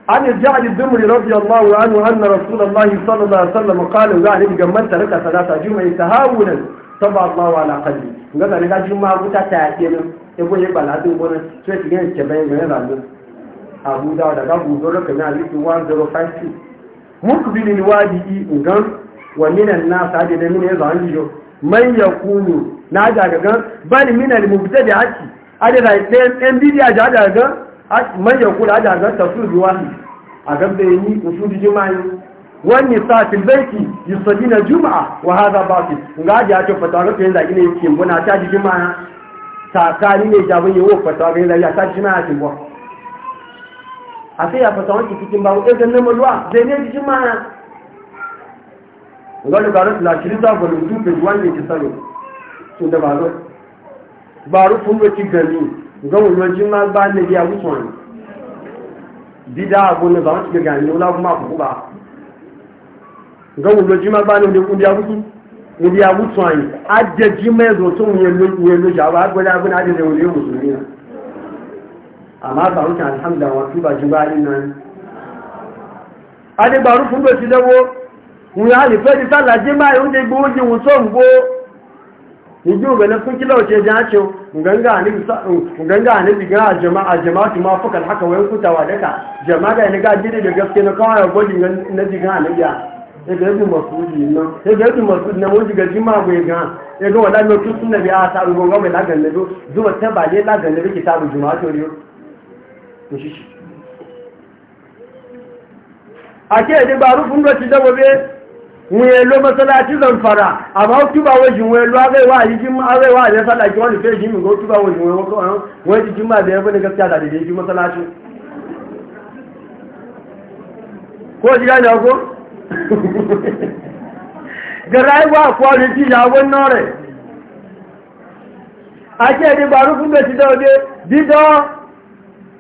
an yi jihadi dimri radiyallahu anhu anna rasulullahi sallallahu alaihi wasallam qala za a ne ga mantar ka salata juma'a ta hawunan saba Allahu ala qalbi ga zalika juma'a ta ta yake ne ko yi bala dubon sai ga ke bayan abu dawa daga guzo raka na alifi 1052 mukbilin wajibi ugan wa minan na sadi da mina ya zan jiyo man ya kunu na ja gagan bal minal mubtadi aki ada da ɗan bidiya ja ja gagan man ya kunu ja gagan tafsir biwahi a gabda yi usuli jima'i wani safin baiki yusadi na juma'a wa haza bafi ga ja ta fata ga yin da gine yake muna ta jima'a tsakani ne jabin yawo fata ga yin da ya ta jima'a ce ba a sai ya fata wanki cikin babu ɗaya ganin maluwa zai ne cikin mana ga da garin na shirin za gwanin tufe ruwan ne ki sani su da baro baro fun da ci gani ga wulwancin ma ba ne ya wuce wani bida abu ne ba wani gani wula kuma ku ba ga wulwancin ma ba ne da kundiya wuce kundiya wuce wani ajaji mai zo tun wuyen lo jaba agbada abu na ajaji wuyen musulmi àmá bàrúkà alhamdà wọn tí bàjú bá rí náà adébàrú fún gbèsè lọ́wọ́ wọn yà lè fẹ́ ti sálà jẹ́ máa ń dé gbówó jí wọn tó ń gbó níjú òbẹ̀lẹ̀ fún kílọ̀ ṣe jẹ́ àṣẹ nganga àníbi gan àjẹmá àjẹmá ti máa fọ́kà haka wọ́n kúta wà dẹ́ka jẹmá ga ẹni ga jíde da gaske na kawai gwajin na ji gan àníbi à ẹgbẹ́ ẹbí mọ̀sùlùmí náà ẹgbẹ́ ẹbí mọ̀sùlùmí náà wọ́n ti gẹ̀jú máa gbé gan ẹgbẹ́ wọn lábẹ́ tó súnmọ̀ bí a ta gbogbo ọgbẹ́ lágànlẹ́dó zuwa tẹ́bàlẹ́ lágànlẹ́dó kìtàbù jùmọ̀ àtòrí ó da shi shi a ke da ba rufin roci da gobe wuye lo masalaci zamfara amma tuba wajen wuye lo agaiwa a yi jima agaiwa a yi salaki wani fe jimi ko tuba wajen wuye wato an wani jima da ya fi gaskiya da daidai ji masalaci ko ji gani ko ga rayuwa kwaliti ya wannan rai a ke da ba rufin roci da gobe bidon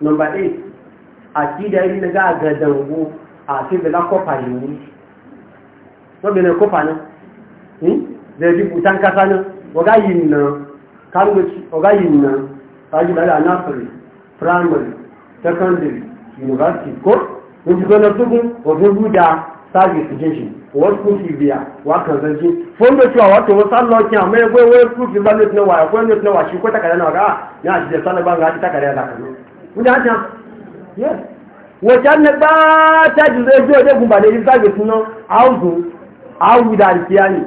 Number eight, àkídà yìí nígbà àgàdàn wo àti a kọ́pà yìí Wọ́n bẹ̀rẹ̀ kọ́pà náà. Hmm? Bẹ̀rẹ̀ bí tankasa náà, ọ̀gá yìí nà Kángbèjì, ọ̀gá yìí nà Rájìbálẹ̀ Anáfẹ̀rẹ̀, Primary, Secondary, University, kó. Mo ti tókún Service Station, wọ́n kú sí ibi à, wà kàn fẹ́ sí. Fóńdò tí àwọn tó sá lọ kí àwọn ẹgbẹ́ wọ́n kú sí ẹ̀kọ́ sí kó náà rà ah, ní nga can wacan na ba ta ji zai jiwa zai gumba da yi zage sunan auzu awu da alkiya ne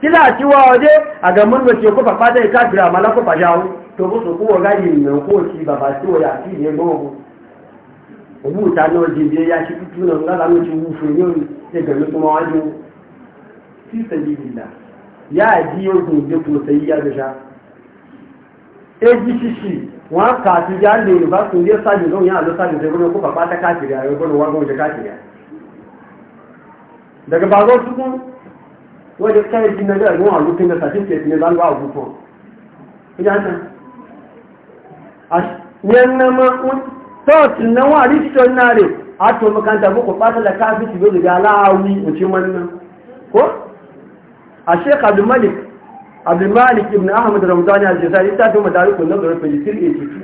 kila ciwa waje a ga mun wace kufa fata ya kafira mala kufa jawo to bu su kuwa gaji mai kowace ba ba ciwo ya fi ne gogo obu ta ne waje biye ya ci tutu na nga zanu ci wufu ne ya gami kuma waje fi sabila ya ji yau wọn kà sí já lè bá tún lé sáàjì lóhun yá ló sáàjì tó gbọ́nà kó bàbá tá káàkiri àwọn ìgbọ́nà wọn gbọ́nà káàkiri daga bàbá tukun wọ́n lè káyẹ̀ sí nàìjíríà ìwọ̀n àwọn òkè náà sàtí ìpèsè nílá lọ́wọ́ àwọn òkú ìdájá yẹn na ma ń tọ́ọ̀tì náwó náà rẹ̀ àtò náà ko a shekalu abdulmalik ibn ahmad ramzani al-jazari ta fi madarikun nazar 2382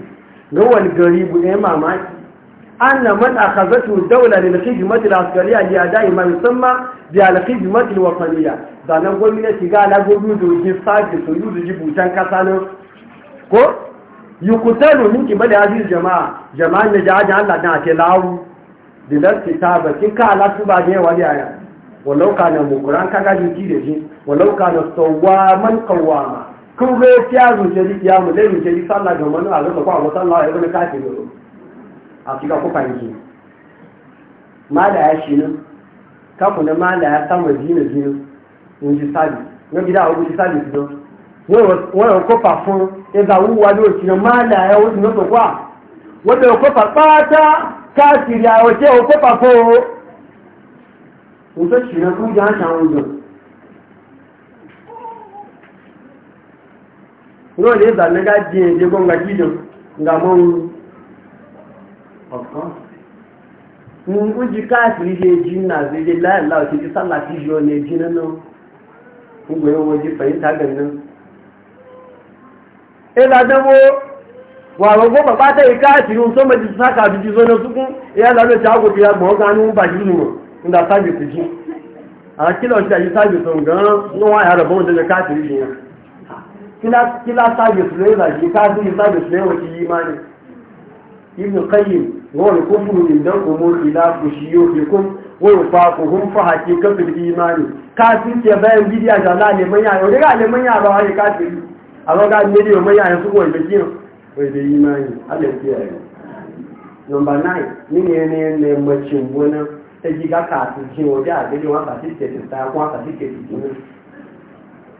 ga wani garibu ɗaya mamaki anna man akhazatu dawla lil khidmat al askariya li ada'i ma yusamma bi al khidmat al wataniya da nan gwamnati ga ala gobi do ji sabi so yuzu ji butan kasa ne ko yukutalu min kibali hadis jama'a jama'a ne ja'a Allah dan ake lawu dilal kitaba kin ka ala tuba ne wani aya walau kana mukuran kaga jiki da shi walau kana sawaman kawama kun ga ya zuce ji ya mu dai zuce ji sallah ga manu a zaka kwa wa sallah ya bani kafi ne a cika ku fanki mala ya shi nan ka kuna mala ya samu jina jina mun ji sabi ne gida a wuce sabi su wọ́n kó fà fún ẹgbà wúwa ní òṣìṣẹ́ máa ń dàáyà ó náà tó kọ́ wọ́n tẹ̀wọ́ kó fà káàkiri àwọn ọ̀ṣẹ́ òkó fà fún 我说娶了姑家想我的，我连咱那个姐姐光个记着，俺们，好看。mun la Allah ce ji sallah ti jiyo ne jinan nan mun goyo waje fahimta gannan e da dabo wa rogo ba ba ta yi kafiri so ma ji bi ji zo na suku ba ji nu nígbà sáàgbèsì jí àwọn kílọ̀ sí àyí sáàgbèsì gan ní wọ́n àyàrọ̀ bọ́n jẹ́ káàkiri jì yàn kílá sáàgbèsì lórí ìlàjì káàkiri sáàgbèsì lẹ́wọ̀n ti yí máa ní ibùn kẹyìn wọ́n rẹ̀ kó fún ìdán kò mú ìlà kò sí yóò fi kún wọ́n rẹ̀ fa kò hún fún àti kẹfìrì yí máa ní káàkiri ti ẹ̀bẹ́ ìbídí àjọ aláàlẹ́mọ́yà òdíkà àlẹ́mọ́yà àrọ̀ ayé káàkiri àwọn ká méjì òmọ́yà yẹn fún ìgbésíyàn òdè yí máa ní alẹ́ sí ẹ̀rọ nọmba 9 nínú ẹni ẹni ẹmọ̀ ṣèǹgbọ́n náà ta ji ga kafin jin waje a gani wa ba take da ta kuma ka take da jini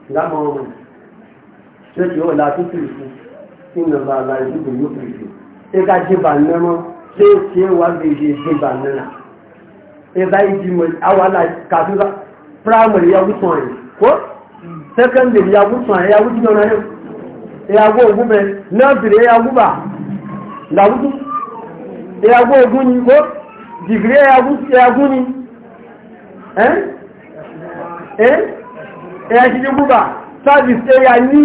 ga ma wani sai ki wala tu tu in da ba la yi ku ku e ka ji ba ne mo sai ce wa be ji ji ba ne na e ba yi ji mo awala ka tu ga primary ya wuce wani ko secondary ya wuce wani ya wuce wani ya go gube na bire ya guba la wuce ya dìgírí ẹ̀yàgún ni ẹ̀yàṣìdí búbà service area ní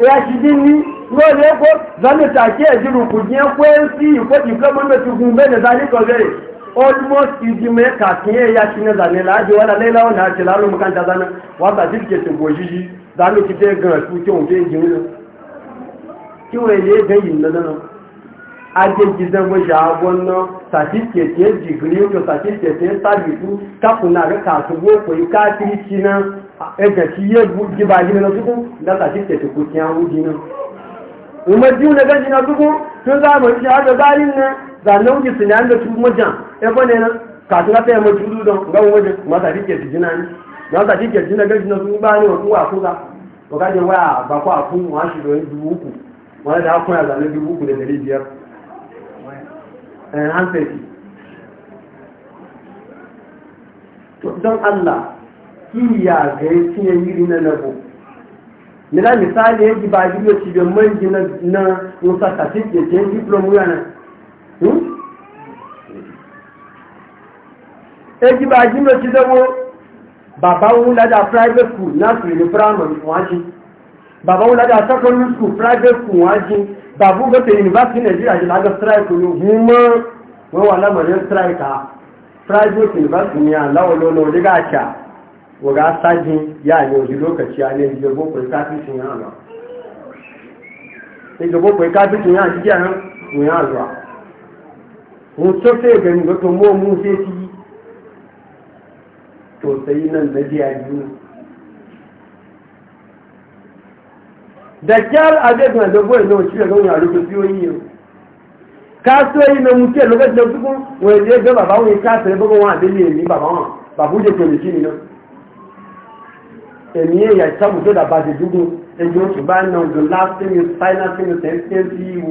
ẹ̀yàṣìdí ní lóòrì ẹkọ́ zanita kí ẹ̀jìrù kù jí ẹkọ́ sí ìkọ́ ìfẹ́mọ́mẹ́tùgún bẹ́ẹ̀ zanitọ́gẹ́rẹ̀ almost ìdímẹ́ kàkíyẹ́ ẹ̀yàṣìdí zanila ajẹ́wọ́n lálẹ́lẹ́wọ́n náà ṣe lárùn mọ́kànjá zana wọ́n sàtífìkẹ̀tì gbòjìjì zanitọ́gẹ́gẹ̀rẹ̀ ajeji zango jagon nan certificate ya digiri to certificate ya sabitu kafin na ga kasu boko yi kafirci nan ga shi ya giba gina na suku da certificate ku kiyan wuji nan umar jiwu na ganji na suku tun zamanin shi har da zalin nan zanen wuji su ne da tuku majan ya kwane nan kasu na tsaye mai tudu don gawo wajen ma certificate jina ne ma certificate jina ganji na suku ba ne wa kuwa kuka ba wa shi da wani dubu uku wani da hakuna zanen dubu uku da hansarki eh, don Allah iya ga ya fiye yiri na nabo nila misali ya ji ba biyo ci da manji na musa kafin ke ke diplom yana hmm? ya ji ba biyo ci zabo bàbá wọn ládà private school na sì ní primary wọ́n á jí bàbá secondary school private school wọ́n tàbí gbẹ́tẹ̀ yunifásitì nàìjíríà yìí lágọ́ strike ní ogun mọ́ wọ́n wà lámọ̀lẹ́ strike a private university ni aláwọ̀ lọ́nà àṣà wọ̀gá sájin yà ní òjì lókàci a ní dajjal a zai tana zagbo yanzu wacce da zaune a rufe fiyoyi yau kasuwanci na mutu a lokacin da suku wani zai ga baba wani kasa ya bugun wani dalilin ne baba wani ba buje ke da shi ne nan emiye ya samu da ba da dubu da jiyoci bayan nan the last thing is final thing is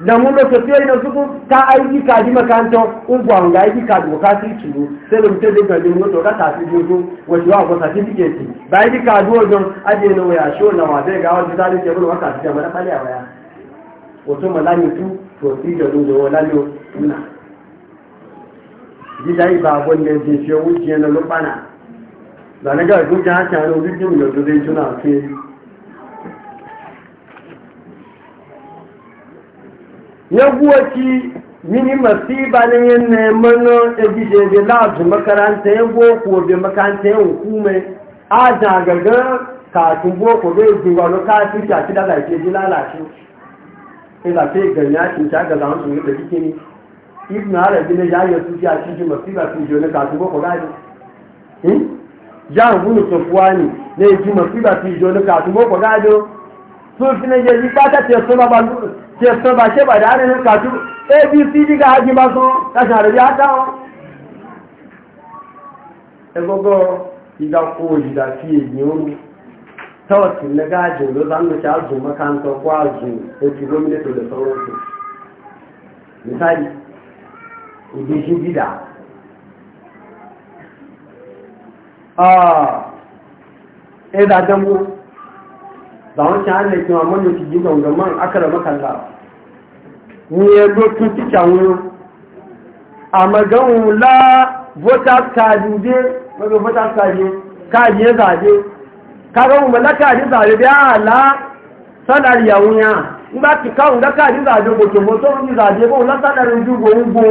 da mun lokaci yayin da suku ta aiki kaji makanto ungwa ga aiki kaji bukatu ciro sai da mutum zai gaji ka tafi jojo wasu wa ko sati dike ba aiki kaji wajen na no ya sho na wa zai ga wani zalin ke gudu waka da mana fali a waya wato malani tu to ti da lu da wala yo tuna ba wanda na lubana da na ga ta ya guwaci mini masiba na yin na mano da gije da lafi makaranta ya boko da makaranta ya hukume a jagaga kafin boko da ya jiwa na kafin shafi da lafi ji lalace ila e sai ganya cin shaga zama su da jike ne ibn arabi na ya yi suke a cikin masiba sun jiwa na kafin boko gani jan hmm? gunu sofuwa ne na yi ji masiba sun jiwa na kafin boko gani sun fi na yi ji kata ce sun ba ṣe sọ bá ṣe bàdá abc dígá ajíbá sán láti àrẹ̀bí átá wọn ẹgbọ́gbọ́ ìdákò òjìdá èyí omi tọ́ọ̀tì lẹ́gá àjò ló bá ń lọ sí àjò mọ́kántọ́ àjò ojú gómìnà lè sọ́wọ́ ba wọn can hannun kima mun yake ji gangaman akara makalla ni ya zo tun ci a magan la vota kajude maga vota kaje kaje zaje kaga mu la kaje zaje bi ala sadar ya wuya ba ki ka unda kaje zaje ko to ni zaje ko la sadar ju go ngo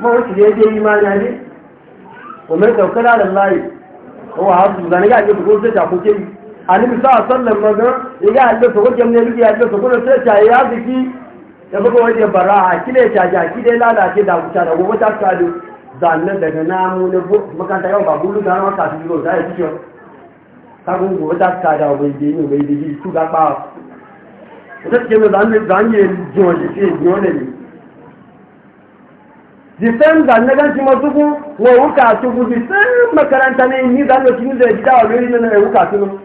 mo ti je je o me to wa ga annabi sa sallan maza ya ga Allah to kake mun yi Allah to kuma sai ta ya ziki da muka waje bara'a kile ta ja ki dai lalace da wuta da gobe ta kado zannan daga namu ne makanta yau ba bulu da ran ka su da ya ciyo ta gun gobe ta kada bai je ne bai je su ga ba ta ce mun zanne zanne jole ce jole ne the same zanne gan shi mazugu wa wuka su bu the same makaranta ne ni zanne kin da gida wa lori ne ne wuka su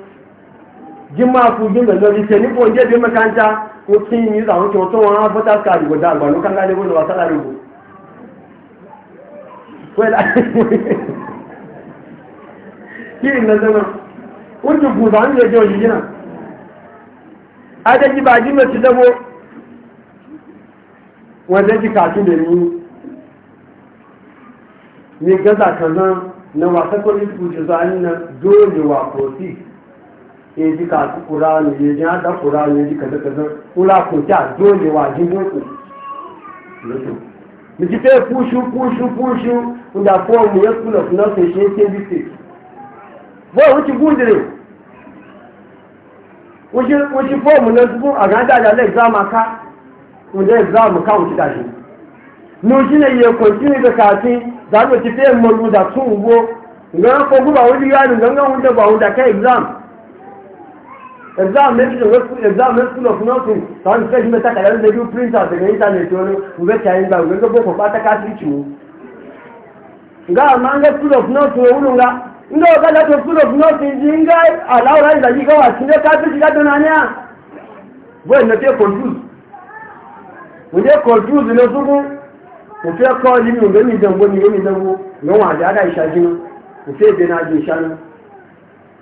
jimma ku jimma lori ke ni ko je bi makanta ko tin ni da won to won fota ka di goda ba lo kan ga le bo lo sala ri bo ko la ki na da na o ju ku da ni je o yi na a ti da bo won da ji kan na na wasa ko ni ku ji ya ji kasu kuranu ya ji hada kuranu ya ji kaza kaza kula ko ta dole wa ji boko mu ji fe pushu pushu pushu da ko mu ya kula kuna ko shi ke bisi bo wuci gundire wuci wuci fo mu na zubu a ga da da exam aka mu da exam ka wuci da shi nu shi ne ya continue da kati da mu ti fe mu da tun go ngan ko guba wuci ya ngan ngan wunda ba wunda kai exam exam medicine exam medicine of nursing sọ́n fẹ́ ṣe mẹ́ta kàlẹ́ lójú printer àti ní íńtánẹ̀tì ọ̀nà ìwé tí a ń gba ìwé gbogbo kò pátá ká sí ìtìwó. nga àmà ń gẹ́ school of nursing òwúrò nga nga ọ̀gá lẹ́tọ̀ school of nursing yìí ń gẹ́ aláwòrán ìdájí kọ́ wà sílé ká sí ìdájọ́ náà ní à. bóyá ìnà tẹ́ confuse mo jẹ́ confuse lọ sókún mo fẹ́ kọ́ nínú ìgbẹ́mìdánwó ni ìgbẹ́mìdánwó ìwọ̀n àjá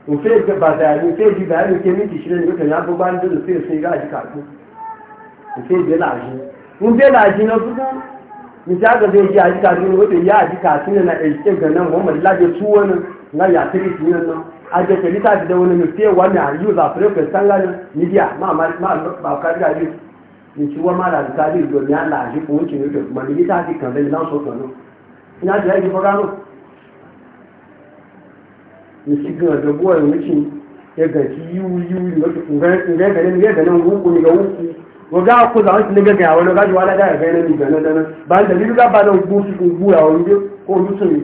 ufe ga ba da ni ufe ji da ni ke ni ki shire ni ko na bu ban du ufe se ga ji ka ku ufe de la ji un de la ji no bu ni ja ga de ji a ji ka ni o te ya ji ka ni na e ke ga nan Muhammad la je tu wona na ya te ni no a je ke ni ta de wona ni te wa na use a pre pe sanga ni dia ma ma ma ba ka ga ji ni ti wa ma la ka ji do ni ala ji ko ni ti ni to ma ni ta ji kan de na so ko no a je ji nisi gan da buwa da wuce ya ganci yiwu yiwu ngai ganin ya ganin wuku ni ga wuku wa ga ku za wani ga ga wani ga ji wala da ga ni ga nan nan ba da ni ga ba da wuku su ku buya wani ko lutsu ne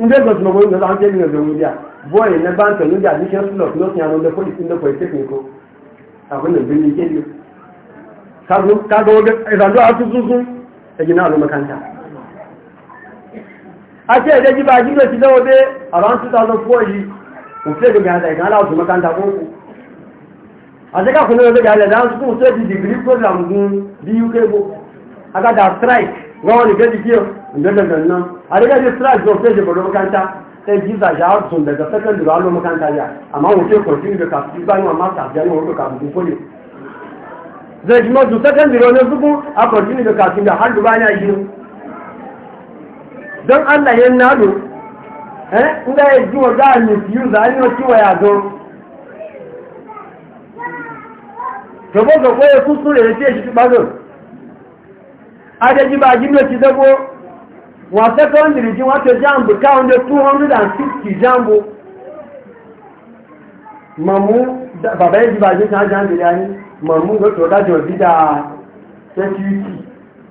in dai ga suna gwamnati da an ce ni ga gwamnati ya buwa ne na ban ta ni da ni shi su lo lo ya no da police inda police technical abin da bin ni ke ni ka go ka go da idan do a tuzuzu ta gina a makanta àti ẹ̀dẹ́ jíba jílò ti lọ́wọ́ dé around 2004 yìí kò fẹ́ lóbi àti ìkan aláwọ̀ tòmọ́ káńtà fún òkú àtẹ́kà fún lórí lóbi àlẹ̀ dáhùn sukùn tó di dìgírí program gun bí uk bó agada strike wọ́n lè gẹ́dì kí o ǹdẹ́dẹ̀dẹ̀ náà àdẹ́gẹ́ di strike tó fẹ́ lóbi lóbi káńtà ẹ jí ìbàjá tún dẹ̀gẹ́ fẹ́kẹ́ lóbi alóbi káńtà yà àmọ́ òun fẹ́ kọ̀ọ̀tì níbi kà sí gbáyìn àmọ́ àtàjẹ́ ní orúkọ àbùkù fóyè zèjìmọ́ ju fẹ́kẹ́ lóbi lóbi fúnkún akọ̀ọ̀tì níbi kà sí gbà hàn don allah yin nalo eh inda ya ji wa za a misuse an yi wa ciwa ya zo gabo gabo ya kusu da ya ce shi bazon adaji ba jimla ci dago wa secondary ji wata jambu ka wanda 260 jambu mamu baba ya ji ba jin ta jambu ya ni mamu ga to da jodi da security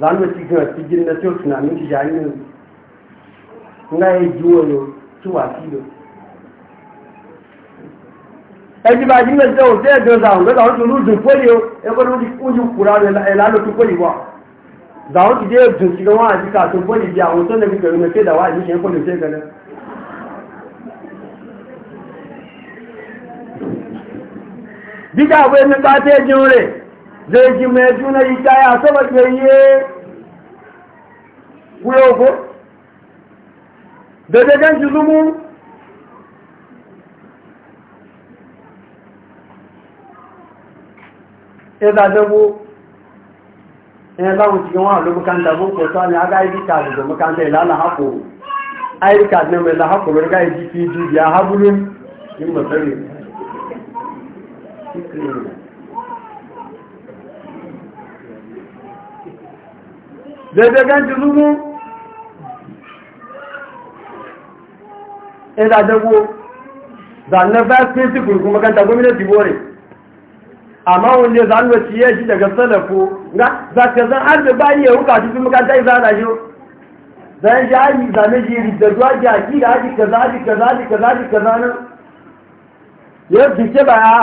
za mu ci gaba cikin na cewa tunanin shi jami'in nga ye juwo yo tí wàá sí lò. ẹjí bá yí mẹ́ta ò tẹ́ ẹ̀dọ́ zàwọn lọ́dọ̀ àwọn tó lù dùn pọ́lì o ẹgbẹ́ ló ń kúra ẹ̀là ló tún pọ́lì wà. zàwọn ti dé dùn sí wọn àti ká tó pọ́lì bí àwọn tó lẹ́bi pẹ̀lú mẹ́tẹ́ ìdáwà yìí ṣe ń pọ́lì ṣe gẹ́lẹ́.
dídá àwọn ẹni bá
tẹ́ jẹun rẹ̀ zai ji mai juna yi kaya sama ke yi wuyo ko da dagan ji zumu ẹ̀dà dẹ́wó ẹ̀yẹn láwọn tí wọ́n àlúbùkándà mú kò sọ́ni agá ìdíkà àdìdòmùkándà ìlànà àpò àìríkà nẹ́mẹ̀ ìlànà àpò lórí gáìdí fi jù yà dẹ̀dẹ̀gẹ́ ti súnmú ìdàjẹ́gbó zanẹ́fẹ́ sí sí kùrùkùn makanta gwamnati bore amma wanda zanuwa ci yẹ shi daga salafo ga zaka zan har da bani ya huka cikin makanta ya zana shi zan shi hali zane shi da zuwa ji haki da haki kaza haki kaza haki kaza haki kaza nan yadda ke ba ya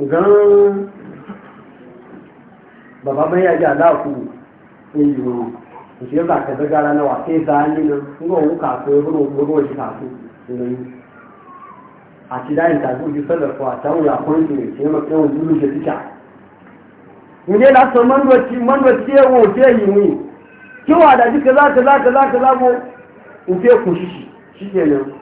gan-an bàbá bẹ́yà jẹ́ aláàkú ní ìlú ìṣẹ́ bàtẹ̀bẹ́ gara náà wà sí ìta nínú nígbà òun kàtó gbogbo òṣì kàtó ìlú àti dáhìn tàbí ojú fẹ́lẹ̀ fọ àtàwọn àpọ́ǹtì rẹ̀ tí wọ́n ń dúró ṣe tíṣà. ǹjẹ́ lásán mọ́ndọ̀ tí ẹ̀wọ̀n ò fẹ́ yìí wí kí wọ́n àdájú kẹlá kẹlá kẹlá kẹlá mọ́ òfin èkó ṣíṣe ṣíṣe náà.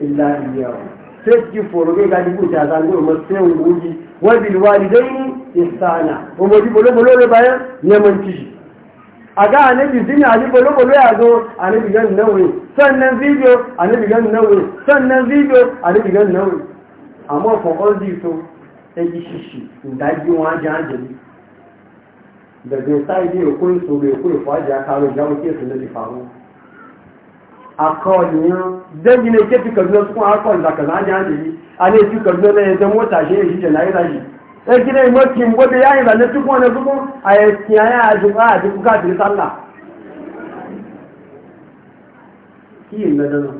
illa iyyahu sai ki foro ga ga dibu ta zan go sai un wuji wa bil walidaini ihsana o mo di bolo bolo bayan neman kishi a ga annabi zini a ji bolo bolo ya zo annabi gan nawe sannan video annabi gan nawe sannan video annabi gan nawe amma for all this so sai ji shishi ndaji wa jajali daga sai dai ko so bai ko karo akọọ̀nìyàn dẹ́gbìn ní kéfì kàdúrà fún akọọ̀nì làkàlà á ní àjẹ́ yìí a ní ètù kàdúrà náà ẹ̀dẹ́ mọ́ta ṣe èyí jẹ̀ láyé láyé ẹgbẹ́ ní ìmọ̀ tí mo bẹ yáyìn lálẹ́ tó kún ọ̀nà fún àyẹ̀sìn ayé àjùmọ̀ àdìkú káàkiri sálà kí ìmẹ́dẹ́ náà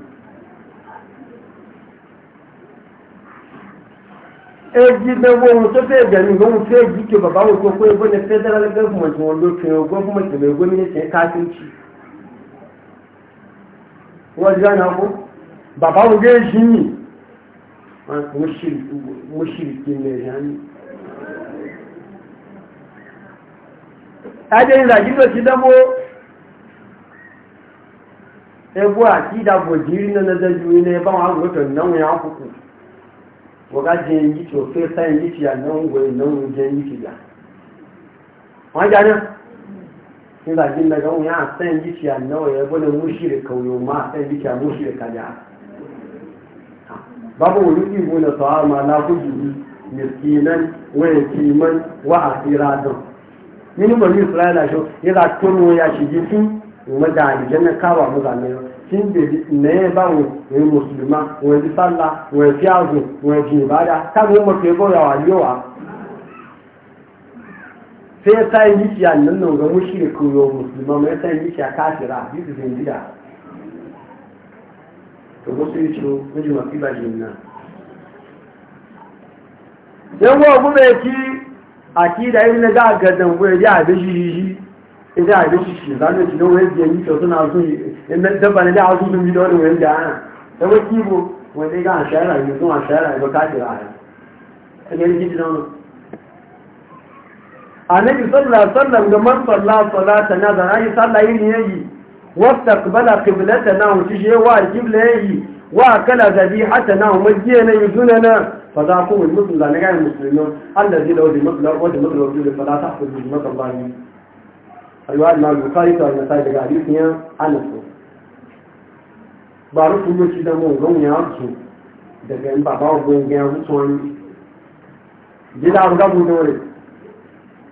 eji gbogbo ohun tó fẹ́ gbẹ̀mí ohun fẹ́ yìí kí bàbá wọn kó pé gbọ́dọ̀ federal government wọn ló fi hàn government rẹ̀ gómìnà ṣe káàkiri wọ́n yá náà fún bàbá ogé ṣí ní mo ṣì ìpínlẹ̀ ìyáni ẹgbẹ́ ìrìnàjílò ti dánwó ẹgbọ́ àti ìdàbò jírí náà lọ́dọ́jú iná ẹbá wọn náà yà ákùkù wọ́gá jẹ́ yìí tí ó fẹ́ sáyẹ̀ yìí tí à ina jin daga wani a san giciya nawa ya gwada mushiri kauyo ma a san giciya mushiri kaja babu wani ibu na sawa ma na kuji miskinan wani kiman wa a tsira don mini bari isra'ila shi ya za tono ya shige sun mada alijan na kawa maza ne sun da na ya ba wani musulma wani sallah wani fiyazu wani jibada ta goma ke goya wa yawa sai ya sa yi a nan nan ga mushriku yo musulma mai sa yi a kafira bisu sun gida to wasu yi ciro mijin mafi ba jin nan yan wa kuma ya ki a ki da yin na dan ko ya ji abin shi shi ita abin shi shi zanen shi biyan na sun yi yan dabba na da bi da wani wani da ana ta wakibo wani ga a shayar a sun a shayar ba kafira yi gidi na wani annabi sallallahu alaihi wasallam ga man salla salata na da nayi salla yi. yayi wastaqbala qiblatana wa tije wa qibla yayi wa kala dhabihata wa majiyana yuzunana fa za ku muslim da ne ga muslimin allazi lahu bi mabla wa bi mabla wa bi fala tahfuz bi mabla riwaya na bukhari ta na sai daga hadisi ya anas ba rufu yaci da mu ya su daga in baba gonya mutuwan gida ga gudu ne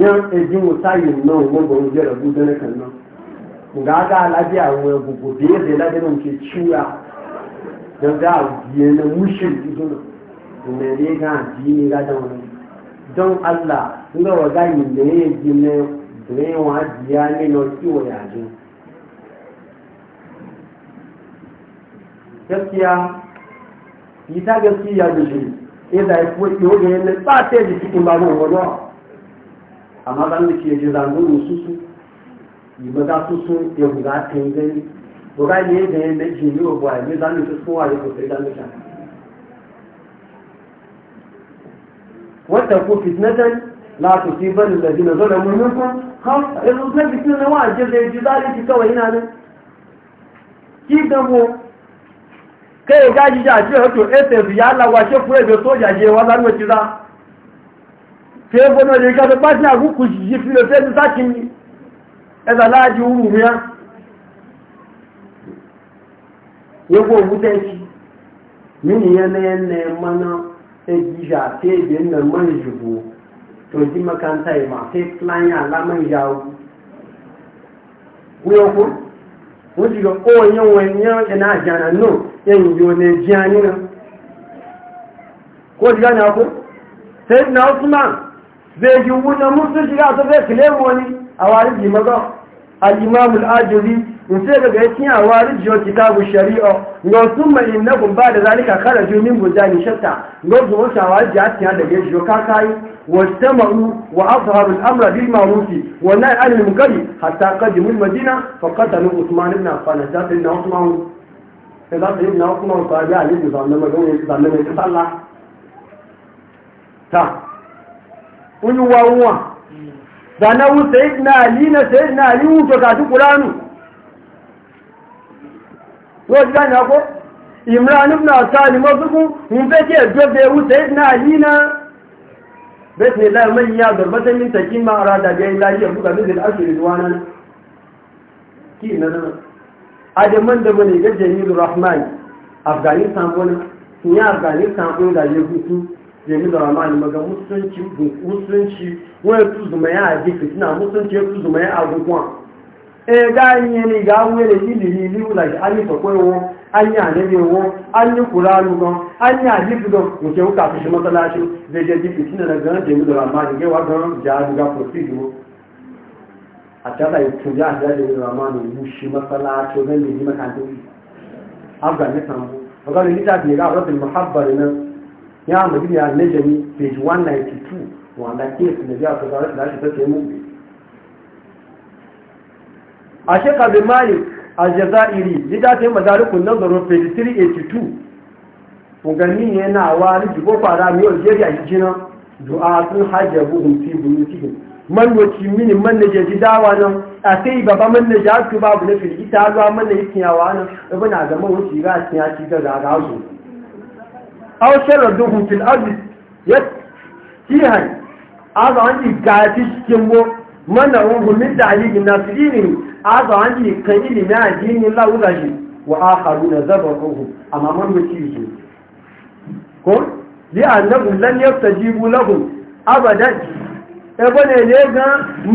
yan eji musayi náà wọ́n bọ̀ ń jẹ́rọ bú dẹ́rẹ́ kan náà nga ga alaji àwọn egungun bí èdè lájẹ́ náà ṣe tíwá gbọ́dá àwùjẹ náà múṣe ìdúdú náà ìmẹ̀rẹ́ gan àti ní gájà wọn don allah nga wọ́gá ìmẹ̀rẹ́ èjì náà bẹ̀rẹ̀ wọn àdìyá nínú tí wọ́n yà jẹ́ gaskiya yi ta gaskiya da shi ya zai kuwa ihu da yanayi ba ta yi cikin babu wani amma zan da ke ji zangon mususu yi maza susu ya guda ta yi gani buga ne da yin da jini wa buwa ne zan da su kowa ya kusuri zan da sha wata ku fitnatan la tu fi ban da jina zola mulmukun ha yanzu na fitin na wa jirga ya ji zalunci kawai ina nan ki gabo kai gaji ja ji hoto ss ya lagwashe fure da soja je wa zan ci za tí ó gbóná lè gbá tó bá tí àgúkù yìí fi lè fẹ́ ti sáàkì ní ẹ̀dà láàájú wù mí á yóò òwúta ẹ̀kì mí nìyẹn ní ẹnẹ mọ́nà ẹgbì ìṣà tí èdè ń nàmọ́ ìṣòwò tó jí mọ́kántà ìmọ̀ àti fúláyà alámọ́ ìyá ogun wíwọ́n kú wọ́n ti lọ kó ẹ̀yẹ́ wọn ẹ̀yẹ́ ẹ̀nà àjànà náà ẹ̀yìn yóò lè jẹ́ àníná kó ti gánà ọkú sẹ́yìn náà zai yi wunan musu shiga ta zai file wani a wariji maga al'imamul ajiyoyi in sai daga ya cinya wariji yau kitabu shari'a ga sun mai na gumba da zalika kara jomin gujani shatta ga su wasu a wariji a cinya daga yau kakayi wata ma'u wa azhar al'amra bil ma'rufi wa nahy anil munkari hatta qadimu al madina fa qatalu usman ibn affan ta inna usman ta da ibn usman ta ya ali da zalama ga wani zalama ta sallah ta unyuwa uwa zanawu sayyidina ali na sayyidina ali wuce kafin kuranu yóò jẹ́ ní ọkọ́ imran ibn asali mazugun ń e bẹ́ kí ẹ̀dọ́ bẹ ewu sayyidina ali na bẹ́ sí ilá ẹ̀mọ́ yíya zọ̀rọ̀bọ́tẹ́ ní tẹ̀kí ma ara dàbí ilá yíya buga ní zai ashe nan kí ina nan adaman da bane gajiyar rahman afghanistan wani sun yi wani da ya hutu jami da ramani maga musulunci musulunci wani tuzu mai a musulunci ya tuzu a e ga yi ne ga nwere ilili liwula shi an yi fakwai wo an yi anabe anyị an yi anyị gan nke yi shi zai je jikin suna da gan jami ga ramani gaiwa gan jihar ga procedural a tara tun ya da ga ga ya magiri ya jami page 192 wanda ke su na biya su zarar da shi take mu a bin mali a jazairi jida ta yi mazarikun zaro page 382 ƙunganni ne na wa rigi gofa rami a shi jina du'a sun hajjar buhun fi bunu cikin manwaci mini man na jeji dawa nan a sai baba man na jaku babu na firgita zuwa man na yi kiyawa nan ibi e na zama wuce ga cikin ya ci ga zaga su aw sharadduhu fil ardi yat tihan azo anji gati kimbo, mo mana ungu min da ali bin nasirini aza anji kan ili na ajini la uga shi wa akharuna zabahu amma man mutu ko li annahum lan yastajibu lahum abadan ebo ne ne ga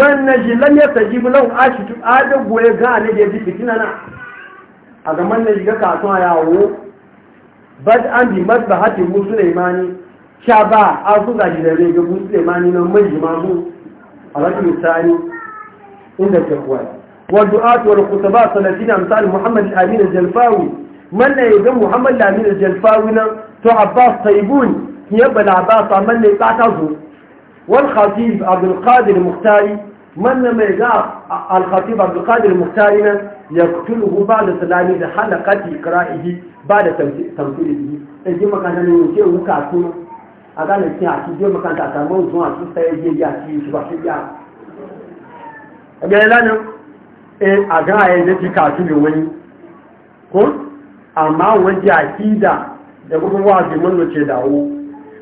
man na ji lan yastajibu lahum ashitu adabu ya ga ne da fitina na a ga man na ji ga ya yawo bad an bi masbahatin musulmani sha ba a su gaji da rege musulmani na majima mu a wata misali inda ke kuwa والدعاة والخطباء سلفينا أمثال محمد الأمين الجلفاوي من لا يجب محمد الأمين الجلفاوي تو عباس طيبون يبقى العباس عمل لي تعتذر والخطيب عبد القادر المختاري من لما يجاء الخطيب عبد القادر المختاري yaqtuluhu ba'da salami da halaqati ikra'ihi ba'da tamthilihi in ji makanta ne yake wuka kuma a ganin sai a ci je makanta ta mun zuwa su sai je ya ci su ba shi ya ga lanin eh a ga ya da ci ka tuni wani ko amma wani akida da kuma wazi mun ce dawo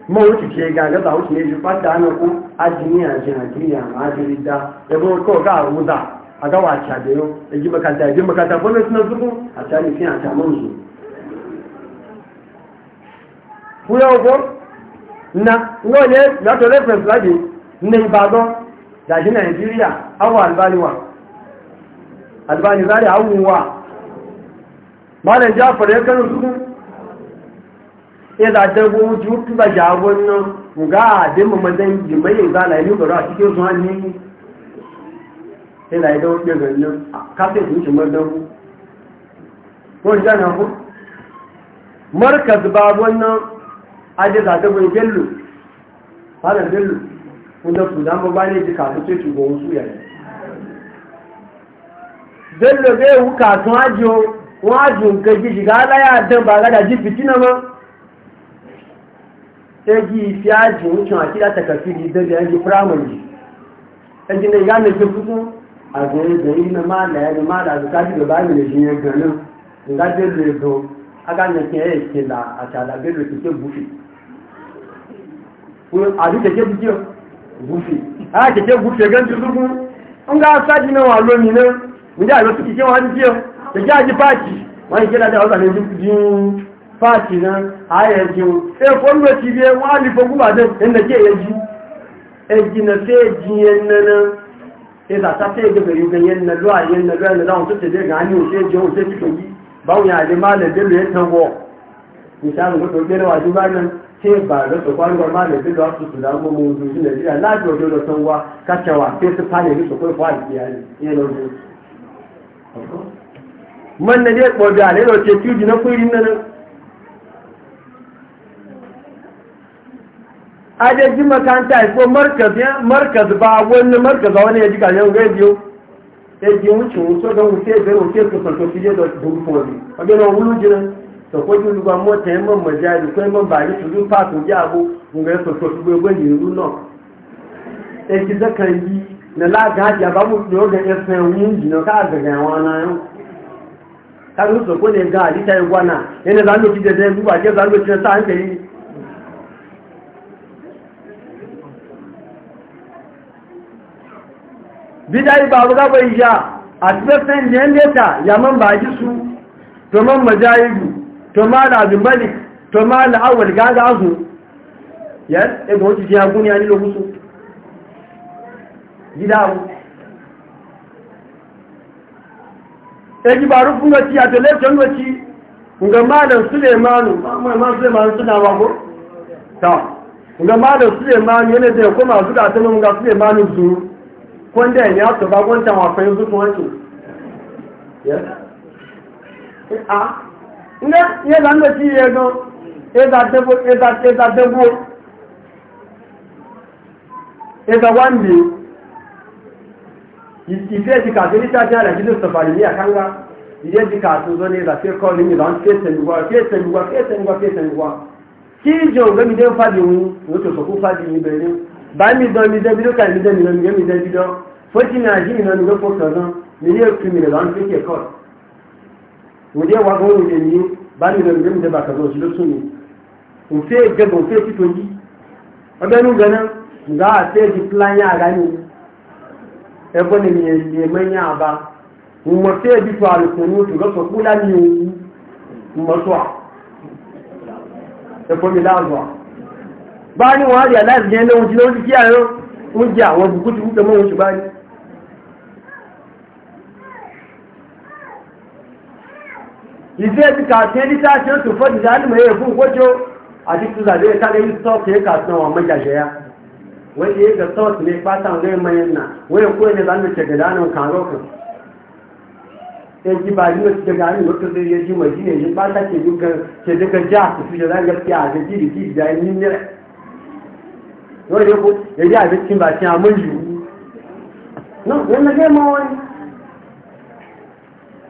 ma wuce ce gaga da wuce ne shi fadda ana ko ajiniya jinajiniya ma ajirida da ko ga ruda a ga wace da yau da ji makanta ya ji makanta ko ne suna zuku a tare sai a tamun su ku yau ko na ngo ne na to reference labi ne ibado da shi Nigeria awu albaniwa albani zari awuwa malam Jafar ya kanu su ya da dago wuce ba jabon nan ga da mu madan jima'i zalayi ba ra cikin zuwa ne sai da idan wuce gari nan kafin su wuce mai dabu ko shi jana ku markaz ba wannan aje za ta bai jello fara jello wanda su zama ba ne ji kafin sai su gowu su yayi jello zai wuka sun ajiyo wajin ka ji shiga laya dan ba ga da ji fitina ma sai ji fiya wucin a kira ta kafiri da yanzu firamare yanzu ne ya ne àjẹ́rẹ́jẹ́ iná máa lẹ́ẹ̀ni máa dàbí kájúlò báyìí lè ṣe yẹn gan náà ìdájẹ́ mm. lè gan agánẹ̀kẹ́ ẹ̀ ṣe là àṣàdàgbé lè ṣe bùfì àdúkẹ́kẹ́ bùfì bùfì àkẹ́kẹ́ bùfì ẹ̀gẹ́ tuntun ń gá sáàjì náà wà lómi náà nígbà àlọ́ sí kìkẹ́ wọn díẹ̀ kẹ̀kẹ́ àjí páàkì wọ́n yìí kẹ́lá dáwọ́ sàlẹ̀ dín páàkì náà ààyè jẹun ẹ fọ́n lọ sí ilé wọn á lè fọ́n kúbàdàn ẹ̀ إذا تكي جبري يبين نلوى ينلوى نلوى تتجيك عني وشيء جو وشيء تكي باو يا جمال الدل يتنبو مثال قلت وكيرا واجبانا ṣé ìbàrẹ̀ tó wáyé a máa lè bí lọ́wọ́ tuntun lágbo mu ojú sí nàìjíríà láàjọ òjò lọ sanwó káṣẹwà tí ó pààyàn ní sọpé fún àìsí ayé lọ́wọ́. mọ́nà ní èpò ọ̀dọ̀ àlẹ́ lọ́ọ́ ṣe tí ó jìnnà fún ìrìn náà ajeji makanta ko markaz ba wani markaz a wani ya ji ganyen rediyo ya ji wuce wuce don wuce zai wuce su su je da dukkan a gina wulu jinan ta kwaji ruwa mota yin man majali ko yin man bari su zuwa fa su abu gunga ya santo su gbogbo nan ya ji yi na laga hajji a babu su ga ya sayan ka ga gawa na yau ka zuwa ne ga halitta ya gwana yana zanen ki zuwa ke zanen ki sa hankali bida yi ba ruga bai ya a cikin jendeta yaman baji su to man majayidu to ma da abin malik to ma da awal gaga su ya ɗaga e wacce ya guni ya nilo musu gida mu ɗaji e ba rufin wacce a to laifin wacce ga malam sulemanu ma ma sulemanu suna wago ta ga malam sulemanu yana da ya koma zuɗa ta mun ga sulemanu zuru kwanda ne ya tuba kwanta wafa yanzu tuwanto a ne ya zanda ci ya gan eza dabo eza wande ife ti kàtó ní sáájú àrẹ jíjọ sọfàlì ní àkánga ìdí ti kàtó zọ ní ìlàfẹ́ kọ́ ní ìlànà fẹ́sẹ̀nìwá fẹ́sẹ̀nìwá fẹ́sẹ̀nìwá fẹ́sẹ̀nìwá kí ìjọ ògbẹ́mìdé ń fàdí òun ló tó sọkún fàdí ìbẹ̀rẹ̀ bá mi dán mi dẹ́bí ló kà mí dẹ́bí lọ mi dẹ́bí dán fọ́tí náà jí ìnáni ló fọ́ kànáà nílé òkú mi lọ́n fi kẹ́kọ́ òde wa gbọ́n òde ní bá nílò ìdí mi dẹ́bà kànáà òṣìlú sùn mi òfé gẹ́gbọ̀n òfé títò yí ọbẹ̀ nù gánà nga àti ẹ̀dí pílányà ara ni ẹ̀fọ́ ni mi ẹ̀ mẹ́yìn àbá mọ̀ fẹ́ ẹ̀dí tó àlùkò ní oṣù lọ́sọ̀ kú láti òwú mọ̀ tó à ẹ̀fọ́ mi láàbọ̀ bá ní wọn á rí aláìsí ẹni lóhun tí lóhun ti kí àárọ̀ ó àwọn bùkútù wúkẹ́ mọ́ oṣù báyìí ìfẹ́ ti kàtí ẹni tá a ṣe ń tò fọ́dì dání mọ̀ èèfún kójó àti tó zàdé kálẹ̀ ní sọ́ọ̀tì ẹ̀ka sí àwọn ọmọ ìjàjẹ́ ya wọ́n ti yéga sọ́ọ̀tì ní pátá ọ̀gá ẹ̀mọ yẹn nà wọ́n yẹ kó ẹni lánàá ṣẹ̀gẹ̀ lánàá nǹkan lọ́kàn. èjì báyìí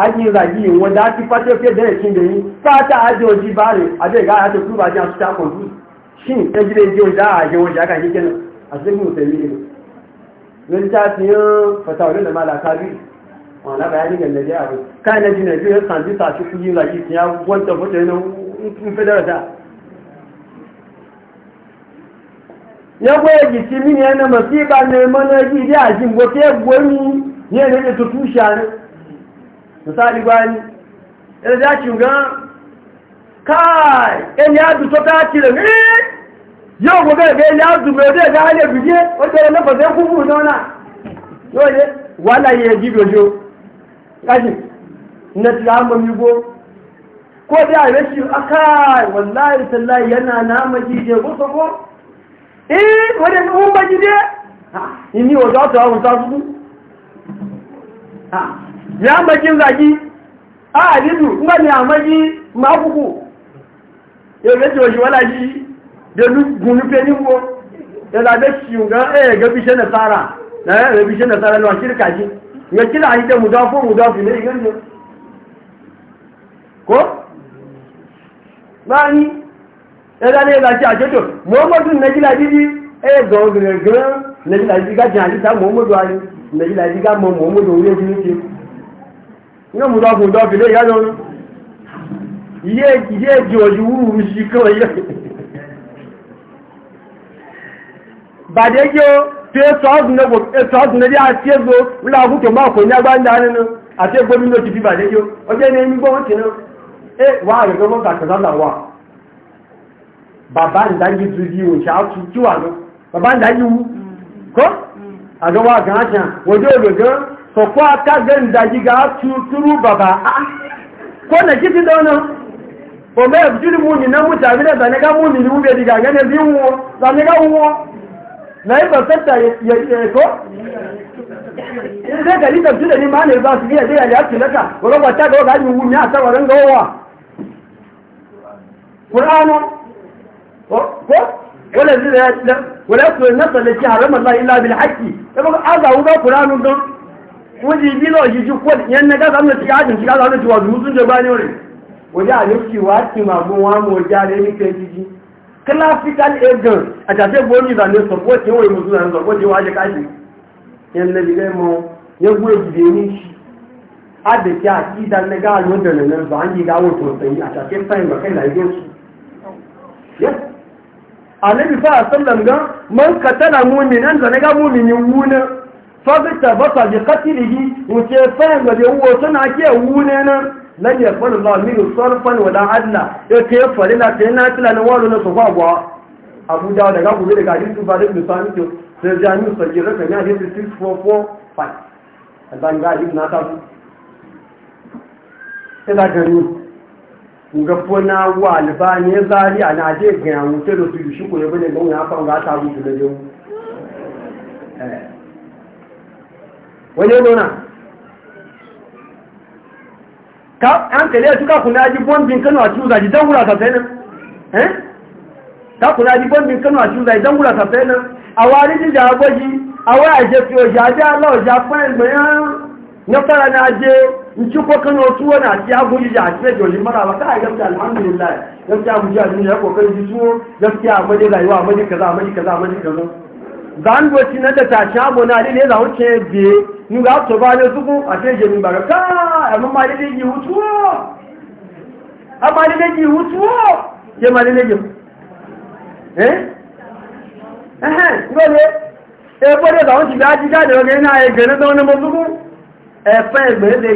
ajin zagi wanda ti fata fiye da yakin da yi fata aji oji bare aji ga ya ta tuba jan su ta kwanzu shi ta gida ji wanda a ji wanda aka yi kenan a sai mu sai ne wani ta fi yin fatawar da malaka biyu wanda bayani ga na jiya kai na ji na biyu ya sanji ta shi kuyi zagi su ya wanta fata yana in fidar da ya goya jiki mini yana masiba ne mana gidi a jin wata ya gomi yana da tutusha misali bani yana da shi ga kai en ya du tota ki da ni yau gobe ga ya du me da ga hanya bije wanda na ba zai kuku na na dole wala ye ji dojo kaji na tsamo mi go ko da ya rashi akai wallahi tallahi yana na majije ko ko eh wanda mun majije ha ni o da ta wa ta su ha ya makin zagi a alidu nga ni amagi makuku ya gaji shi wala shi da gunu fe ni wo da zabe shi nga eh ga bishe na sara eh, na ga bishe na sara lo shirka ji ya kila ai da mudafu mudafu ne igan ko bani ẹ̀dá ní ìlàjí àjọ́jọ́ mọ́mọ́dún nàíjíríà jíjí ẹ̀gọ́ gẹ̀rẹ̀gẹ̀rẹ̀ nàíjíríà jíjí gájì àjíjá mọ́mọ́dún ayé nàíjíríà jíjí gá mọ́ mọ́mọ́dún orí ẹ̀jú ní ti ní òmùdọ́kùn ìdọ́fìlẹ̀ ìyá lọ́rún ilé èjì òjú wúrú sí kọ́ ilé bàdé yóò tí ẹ̀sọ́ọ̀dún lórí àti ẹgbò máa kò ní nínú àti ẹgbò nínú ti fi bàdé yóò ní ẹni gbọ́n tí náà wà rẹ̀ gọ́gọ́ a. fakwa aka zan daji ga tuturu baba ah. a ko na kifi da wani o mai abdul muni na mutane da zane ga muni ni ube diga gane zin wo zane ga wo na yi basanta ya yi ko
in zai gari da
tuna ni ma ne ba su biya zai yali hatu laka wani wata ga wani wu ne a sabarin gawowa ƙur'anu ko wala zai da wala ku nasa da ki haramar la ila bil haqqi da ba azawu ga ƙur'anu don wuji bilo ji ji ko yan na gaza mu ci ajin ci gaza mu ci wa du sun je bani ore waje a yau ci wa ti ma gun wa mo ja le ni ke ji ji classical egan a ta se boni da ne support yin wai musu na support yin wa je kashi yan na bi dai mo yan gwe ji de ni shi a da ki a ki dan na ga lo da nan ba an yi ga wato sai a ta se sai ba kai la yi su yes annabi fa sallam ga man katala mu'minan da na ga mu'minin wuna fafita basa bi katilihi wuce fayin gaje wuwa suna ke wune nan lan ya faru za minu wa la adla ya ke fari na ta yana na waro na su ba gwa abu da daga gobe daga hadin su ba da bi sami to sai jami'u ya hadin 6445 alban ga hadin na ta su ga fona wa albani zari je ga da su shi ko ya bane ga wani ga ta da eh waje nuna an kare suka kuna ji bombin kano a cuza ji don wula sasai nan eh ta kuna ji bombin kano a cuza ji don wula sasai nan a wari ji da agwaji a waya je fi oji aje allah oji akwai ilmayan na fara na aje in ci ko kano tuwo na ci agwaji da ake da olin mara ba kawai gaskiya alhamdulillah gaskiya mu ji a duniya kokarin ji tuwo gaskiya a madi rayuwa a madi kaza a madi kaza a madi kaza zan goci na da tashi abu na ne za wuce biye nígbà tó bá ní ọdún àti èjè mi gbàrẹ̀ káà ẹ̀mọ́ ìwú túwọ́ yẹ máa lé ẹ̀hẹ́n gbọ́lẹ̀ ẹgbọ́dẹ̀ tàwọn ti gbá jíjá ìrọ̀gẹ́ lè yà ẹgbẹ́ bá ń bẹ̀tẹ̀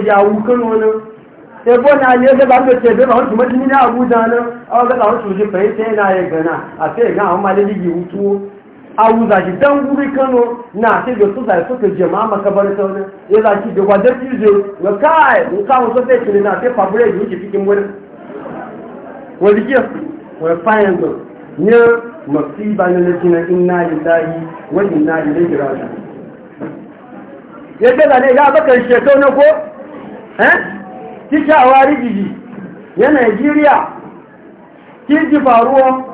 ẹgbẹ́ báwọn ní àwùjá náà ọgbẹ́ tàwọn tùmọ́ ti pẹ̀lú tẹ́ náà àti ẹ̀gbẹ́ àwọn máa lé léjì ìwú awuza shi dan guri kano na ce da su zai suka jama'a makabar ta wani ya za ki da gwadar cizo ga kai in ka wasu sai kiri na sai fabure da yake fikin wani wani jiya wani fayan zo ne masiba na lajina inna lillahi wa inna ilaihi raji'un ya ce da ne ga bakar shekau na ko eh kishawa rigiji ya Najeriya kin ji faruwa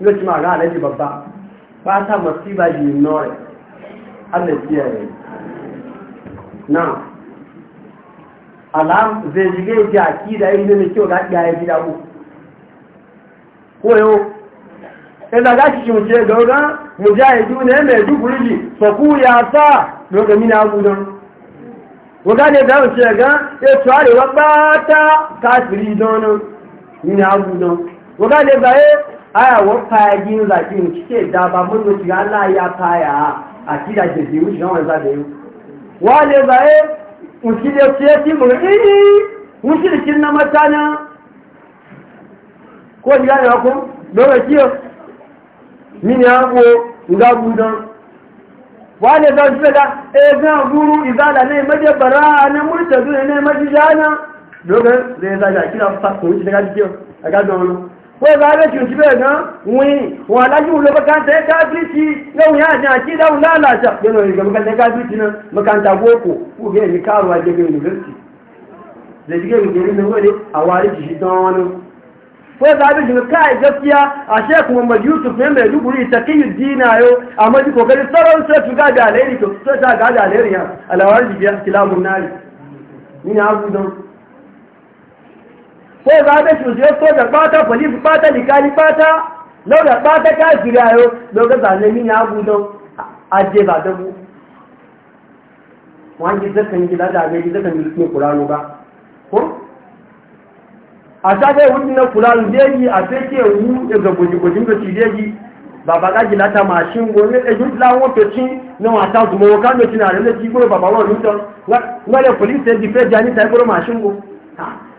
lokacin ma ga alaji babba ba ta masiba ji nore allah kiyaye na alam zai jige ji akida inda ne kyau ga kiyaye gida ku koyo ɗaga gashi shi mace gauga mujahidu ne mai dubulji faku ya sa daga mina gudan waga ne da mace ga ya tsarewa ba ta kafiri donon mina gudan waga ne ba ya aya wo paya ji la ji mu kike da ba mun mu ti ala ya paya a ti da je ji mu jan wa za de wa le ba e mu ti le ti ti mu i mu ti ti na matana ko ji ala ko do ba ti o mi ni awo nga bu dan wa le ba ti da e ga guru izala ne maje bara na murtadu ne maje jana do ga zai za ja kila fa ko ji daga ji o daga don wọ́n bá rẹ̀ tí ó náà wọ́n wọ́n alájú ló makanta ya káfíìsì lọ́wọ́ yá àjá àti ìdáhùn lálàájá nínú ìgbà makanta ya káfíìsì náà makanta gbóòkò kú bẹ́ẹ̀ ní káàrọ̀ ajẹ́gbẹ̀ yunifásitì lẹ́dígẹ́ ìgbèrí ní wọ́n lé àwọn àríjì sí dán wọn wọ́n bá rẹ̀ jùlọ káà gaskiya a sheik muhammad yusuf ne mai duburi ta kiyu dina yau a maji kokari sauran sai su gaji alheri to sai ta gaji ya alawar jibiya kilamun nari ni na ko za ga su je ko da bata police bata likali bata lau da bata ka jira yo lokacin zane min da mu wani zakan gida da ga zakan yi ne a ta ga wuce na a sai ke wu daga gwaji-gwajin bàbá gájì láta máa ṣe ń wọlé ẹjọ́ tí tó tí náà àtàzùmọ̀ wọn káàmì tí gbọ́rọ̀ bàbá wọn ní tọ́ wọ́n lẹ́ pòlíṣẹ́ di fẹ́ jẹ́ níta gbọ́rọ̀ máa ṣe ń wọ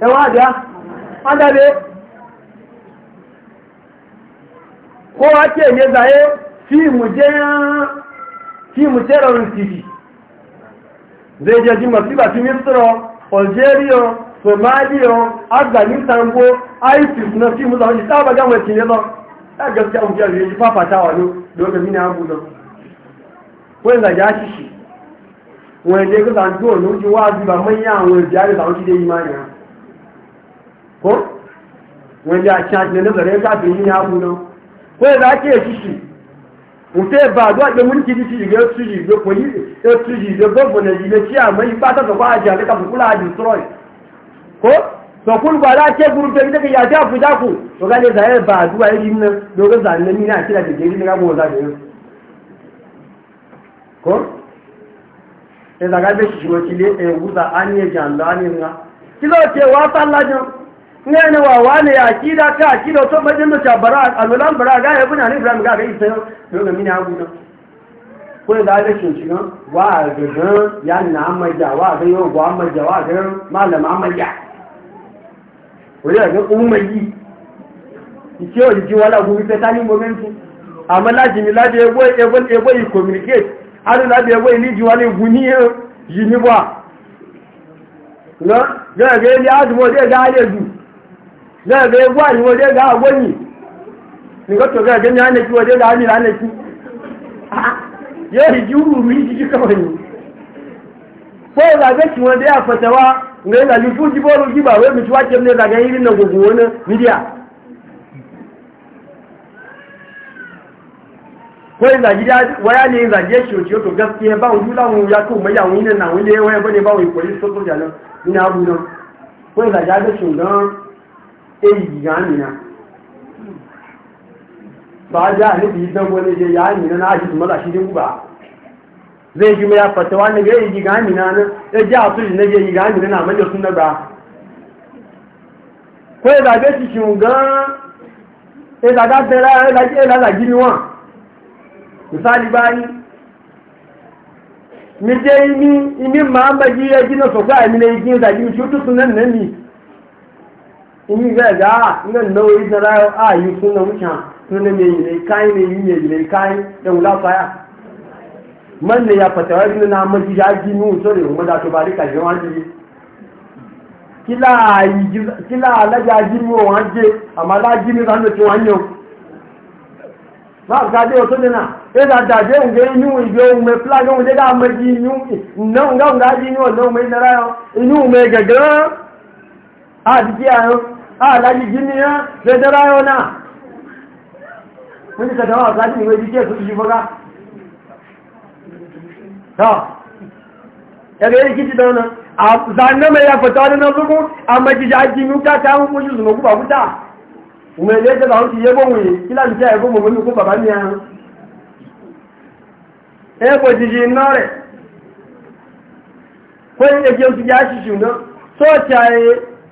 ẹwà àdá ádáde kó wá tí èyẹ zàyé fíìmù jẹ́ rọrùn tìbì zai jẹ́ jimọ̀ sí bàtí algeria somalia afghanistan ko isis na fíìmù zàwọn jì sábà gáwọn ìtìlẹ̀ lọ ẹgbẹ̀sí àwọn òjò ìrìn fáfàtàwà ní àbúlọ wọ́n ìlàjá ṣíṣì wọ́n ìdẹ́gbẹ̀sán tó lójú wá àdúgbà mọ́yá àwọn máa yàn ko wanda a cikin ajiyar nazarin ya fi yi ya bunan ko ya za ke shi shi wuce ba zuwa ɗin mulki ji shi ga su ji ga koyi ya su ji ga gbogbo na ji na ciya mai ba ta gaba a jihar ka kula a destroy ko to kun ba za ke guru ta daga ya ta fuja ku to ga ne zai ba zuwa yi nan dogon zane na mina kira da gari daga gowa zaɓe yau ko ya zaga bai shi shi wakile ya wuza an yi jihar da an yi nga kilo ce wa sallajen ne na wawa ne ya kida ka kida to majin da bara alulan bara ga ya buna ni ibrahim ga ga isa daga mini abu na ko da ga shi shi wa ga ga ya na amaja wa ga yo wa amaja wa ga malama amaja wuri ga umayi ike o ji wala gu pe tani momenti amala ji mi labe ebo ebo ebo i communicate alu labe ebo ni ji wala gu ni yi ni wa na ga ga ni adumo de ga ale du zai zai gwa ni waje ga agwani ni ga to ga ga ni ana ki waje ga ni ana ki yau ji uru mi ji kawai ni ko da ga ki wanda ya fatawa ngai la yufu ji boro ji ba wai mi tuwa kem ne daga irin na gugu wani midiya ko da gida waya ne da je shi ciyo to gaskiya ba wuju la mu ya to mai ya wani na wani waya bane ba wai ko so to jalo ina abu nan ko da ga ga shi nan eyi ganina ba ja ni bi dan wani je ya na aji ji mai fatawa ne ga eyi ganina na na maje sun da ba ko da e ga shi shun ga e da ga tera e da e wọn misali bayi mi je ni ni ma ma ya gina so ka mi ne gina da gini shutu sunan nan ni in ga ga ina nawo ina ra a yi suna wucin suna mai yi kai ne yi ne yi kai da wula faya man ne ya fatawa ina na maji ya ji nu so da mu da to bari ka je wani kila yi kila la ja ji mu wan je amma la ji ni ran to wan yo ma ga de o to na e da da de nge nu ibe me pla ga nge da maji nu no nga nga ji nu no me na ra nu me ga ga a di aláàlájì jí ní ẹ́ fẹ́dẹ́rá yọ náà wọ́n ní kẹta wọ́n àkájì ìwé jíjẹ́ tó jí fọ́gá ẹgbẹ́ yìí kí ti dáná zanẹ́mẹ̀ ya fẹ̀tọ́ nínú ọdún àmàjìjà jí ní káàkiri àwọn ojú ìsùnmọ̀ kú bàbúta òun èlé tẹ́lá ó ti yé bóhùn yìí kí láti jẹ́ ẹ̀kọ́ mọ̀ mọ́ kó bàbá ní ẹran ẹ̀kọ́ jìjì iná rẹ̀ pé ẹgbẹ́ òtù jẹ́ àṣìṣù náà tó ọ̀tí ààyè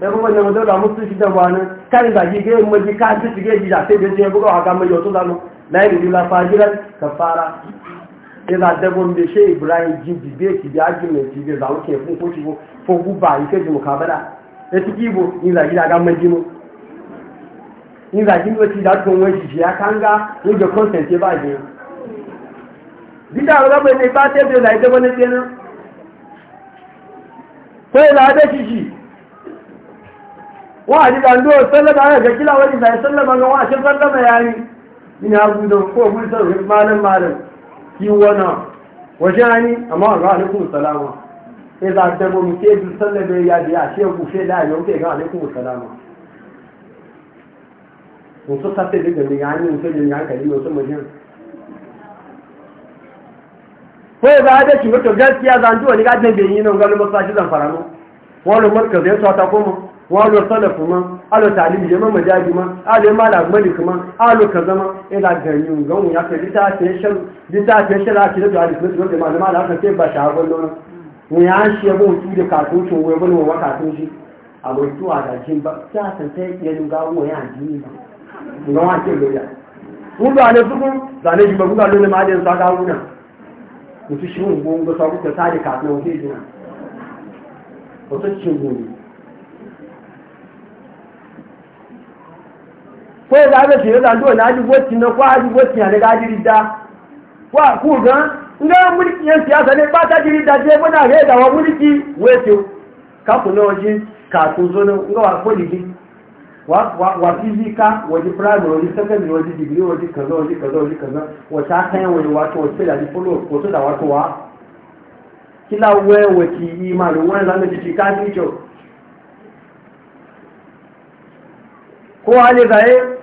ẹgbogbo ẹni ọmọdé ọ̀dọ̀ àmúsù ìṣìdẹ̀ wà ní káyìnbà yìí gé mọ́jí káàdì ti gé ìjìyà tí èdè tí ẹgbogbo ọ̀gá mẹ́yọ tó lánà láìrí ìlú lafa ajírẹ́ kẹfàára ìlà dẹ́gbọ́n bí ṣe ibrahim jí bìbí èkì bí ájúmẹ̀ ti bí ìlànà kẹ fún kó ṣubú fogú bá ìkéjì mọ̀ kábẹ́dà etí kí ibo ìlà yìí àgá mẹ́jí mú ìlà yìí ló ti dá tó wọn ṣìṣì akáńgá lójó kọ́ńtẹ̀ǹtì báyìí dídá àwọn ọlọ́pàá ẹni bá tẹ́tẹ́ ìlà ìdẹ́gbọ́n wa a jiga ndo sallama ana ga kila wani bai sallama ga wa shi sallama yayi ina gudu ko mun san malam malam ki wana wajani amma ga alaikum salama sai za ta mu muke bi sallama ya biya shi ku she da yau ke ga alaikum salama mun so ta te daga ni ga ni mun so ni wọ́n lọ sọ́lẹ̀ fún mọ́ alọ́ tààlìbì jẹ́ mọ́mọ̀ jáde mọ́ alọ́ mọ́lá mọ́lìkì mọ́ alọ́ kàzọ́ mọ́ ẹ̀là gẹ̀yìn gọ́wùn ya fẹ́ lítà àti ẹṣẹ́ láti lọ́dọ̀ alìsílẹ̀ lọ́dọ̀ máa lọ́mọ́ aláfẹ́ tẹ́ bàṣà àwọn lọ́nà wọ́n yà ń ṣe ẹbọn tí ìdè kàtó tó wọ ẹbọn wọn kàtó ṣe àwọn tó àdàjì ń bá tí a sẹ̀ tẹ́ ẹnu ga wọ́n yà dì ko ya zaɓe su yi zanto na ajibocin na kwa ajibocin a daga ajirida kwa ku gan nga mulki yan siyasa ne ba ta jirida je muna ga yadda wa mulki weto ka ku nawa ji ka ku zo nan nga wa poliki wa fizika waje primary waje secondary waje degree waje kaza waje kaza waje kaza wata kayan waje wato wace da ji folo ko to da wato wa kila wewe ki imani wani zama ji ka ni ko ale zaye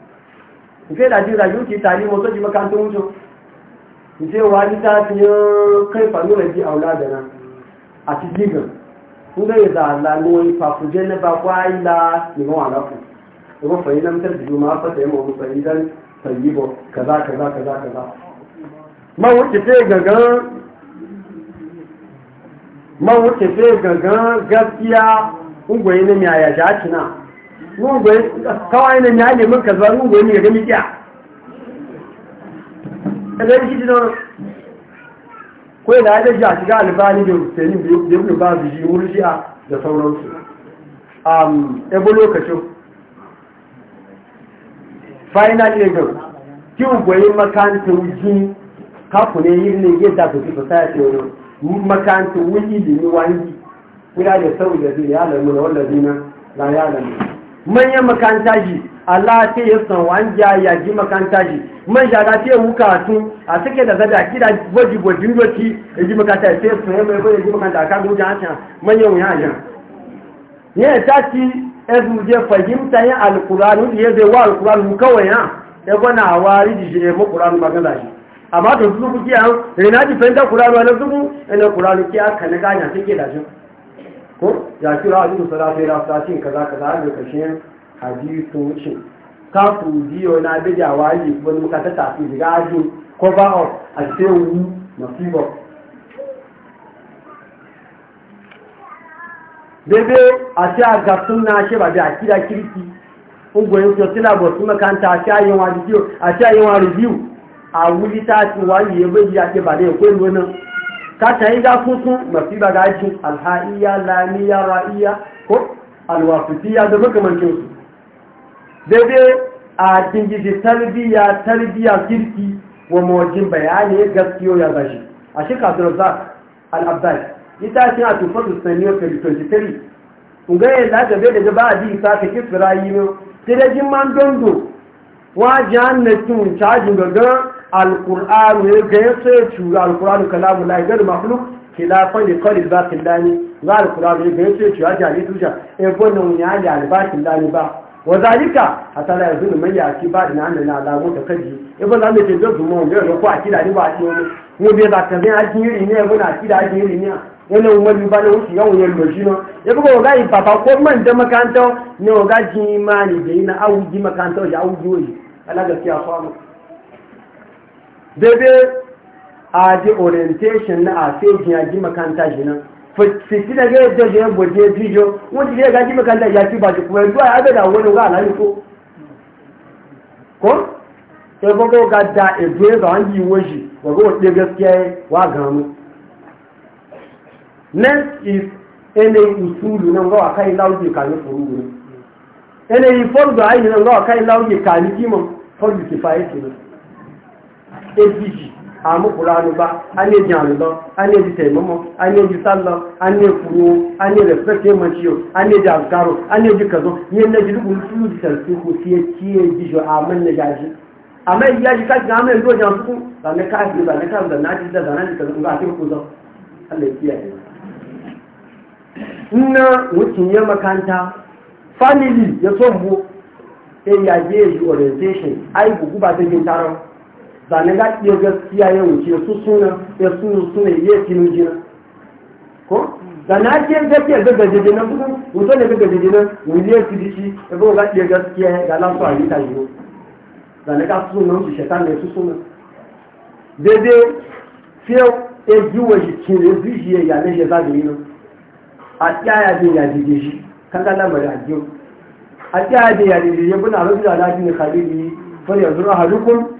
nke da jin rayu ke tare wasu ji makarantun wucin nke wani ta fi yin kai faru rabi a wula da nan a ti jigan kuma ya za a laluwa yi fafuje na bakwa yi la neman wa lafu kuma fayi na mutar da fa ta yi ma wani fayi don fayi ba kaza kaza kaza kaza ma wuce fe gangan ma wuce fe gangan gaskiya ungwaye na miyaya shi na rugoyi kawai nan ya nemi ka zuwa rugoyi ne ya gami kya a zai shi dinar ko da shi a shiga albani da hussein da ya ba su shi wurin shi'a da sauransu Ebo lokacin final legal kí ugoyi makanta wujin kafu ne yi ne yadda ku fi society wani makanta wuji da yi wani kuda da sau da zai ya lamu na wanda zina na ya lamu manyan makanta ji Allah ce ya san wanja ya ji makanta ji man shara ce wuka tun a suke da zada kira gwaji gwaji gwaji ya ji makanta ya sai sun ya mai gwaji ji makanta ka gujan haka manyan wuya a ne ya ci ezu je fahimta yin alkuranu da ya zai wa alkuranu kawai ya ya gwana a wari da shi ya ba gaza shi amma da su kuke yan rina ji fahimta kuranu a na zubu ina kuranu ke aka na ganya suke da shi ko ya kira hadisu salatu ya sace kaza kaza ne kashin hadisu wuce ka ku biyo na bija wayi wani muka ta tafi diga ajo ko ba a a ce wu masibo bebe a ce a ga na ce ba da kira kirki ungoyin to sila bo su makanta a ce a wa review a wuli ta ci ya bai ya ke ba da ya kata yi ga kusu mafi aikin alha'iya lamiya ra'iya ko alwafisiyya da makamancin su daidai a dingiji tarbiya tarbiya kirki wa mawajin bayani gaskiyo ya zashi a shi kasuwar za al'abbas ita shi a tufar da saniyar 23 ungayen da aka bai da jaba a ji isa ka kisra yi min tirajin man dondo wajen na tun cajin gaggara alkur'anu ya ga ya sai cura alkur'anu kalamu la gari makhluk khilafan li qalil batil dani ga alkur'anu ya ga ya sai cura jani tuja e bonan ya ya albatil dani ba wa zalika hatta la yazunu man ya ki ba ina annana la mu ta kaji e bonan da ke da zuwa mu ga ko akida ni ba ni mu be da kan ya jiri ne mu na akida jiri ne wannan umarni ba na wuce yawon yin loshi no ya buga waga yi papa ko man da makantar ne waga ji imani da yi na awuji makantar da awuji wani ala gaskiya kwamu daidai a ji orientation na a sai jiya makanta shi nan fiti da gaya da jiya gwaje ya gaji makanta ya fi ba shi kuma yanzu a da wani ga alhali ko ko sai bago ga da ebe ga wani yiwuwa shi bago wadda gaskiya wa gamu next is usulu na ngawa kai lauji ka ni furu ne yi ayi na ngawa kai lauji ka ni ne ejiji àmú kùránù bá a ní èjì àrùn lọ a ní èjì tẹ̀mọ́mọ́ a ní èjì sálọ a ní èkùrú a ní rẹ̀fẹ́tì ẹmọ̀tíyọ a ní èjì àgbàrò a ní èjì kẹsàn yẹn lẹ́jì lùkùn fúlù tẹ̀síkù sí etí èjì jọ àmọ́ ẹ̀yà jì àmọ́ ẹ̀yà jì káàkiri àmọ́ ẹ̀dọ́ jà fún lànà káàkiri lànà káàkiri lànà àti ìdá lànà àti kẹsàn nígbà àti ìkùzọ nna wucin ya makanta family ya son bu ya yaje orientation ai gugu ba ta jin taron zane ga iya gaskiya ya wuce su suna ya suna suna ya jina ko da na ce gaskiya ga gajeje na kuma wuta ne ga gajeje na wuli su dishi ya ga ga iya gaskiya ga la su alita yi zane ga suna su shetan ne su suna dede fiye e wa shi kire zuciya ya ne ya zaɓe yi nan a tsaya da ya jige shi kan ga lamari a jiyo a tsaya da ya jige ya buna rubuta lafiyar khalili fa yanzu a harukun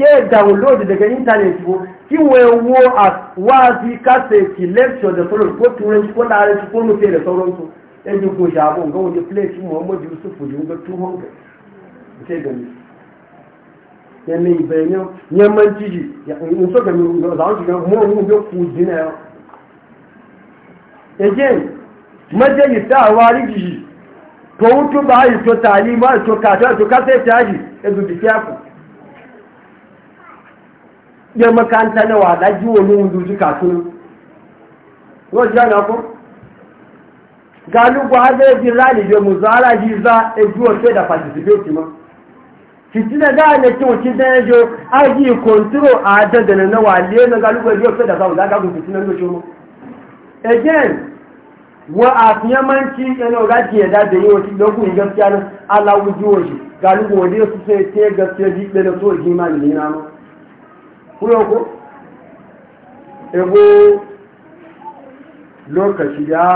ke download daga intanet ko ki wewo a wazi kaseti lecture da sauran ko turanci ko larabci ko nufe da sauransu ɗan ji ko shago ga wani place muhammadu yusuf ji ga tuhon ga sai ga ni ya ne ibenyo nyamman jiji ya in so ga mi za mu ga mu mu ga ku dina yo again majalisa wari jiji to wutu ba yi to talima to kata to kaseti aji ezu bi kiaku ɗaya makaranta na wada ji wani wundu ji kasuwa wọ́n jẹ́ ọ̀nà fún galugbo adéjì láàrínjẹ́ mùsùlára yìí za ejú ọ̀ṣẹ́ ìdà participate mọ́ fìtílẹ̀ dáàrẹ tí wọ́n ti dẹ́ẹjọ́ ají kòntúrò àádọ́dẹ̀nà náà wà lé ní galugbo ejú ọ̀ṣẹ́ ìdà sáwọn lágagùn fìtílẹ̀ lóṣù mọ́ again wọ́n àfihàn máa ń kí ẹni ọ̀gá di ẹ̀dá dẹ̀yìn shi lọ́kùn ìgbẹ́sí aláwùjú òṣì galugbo òdí òṣìṣẹ́ ko ebo lokaci ya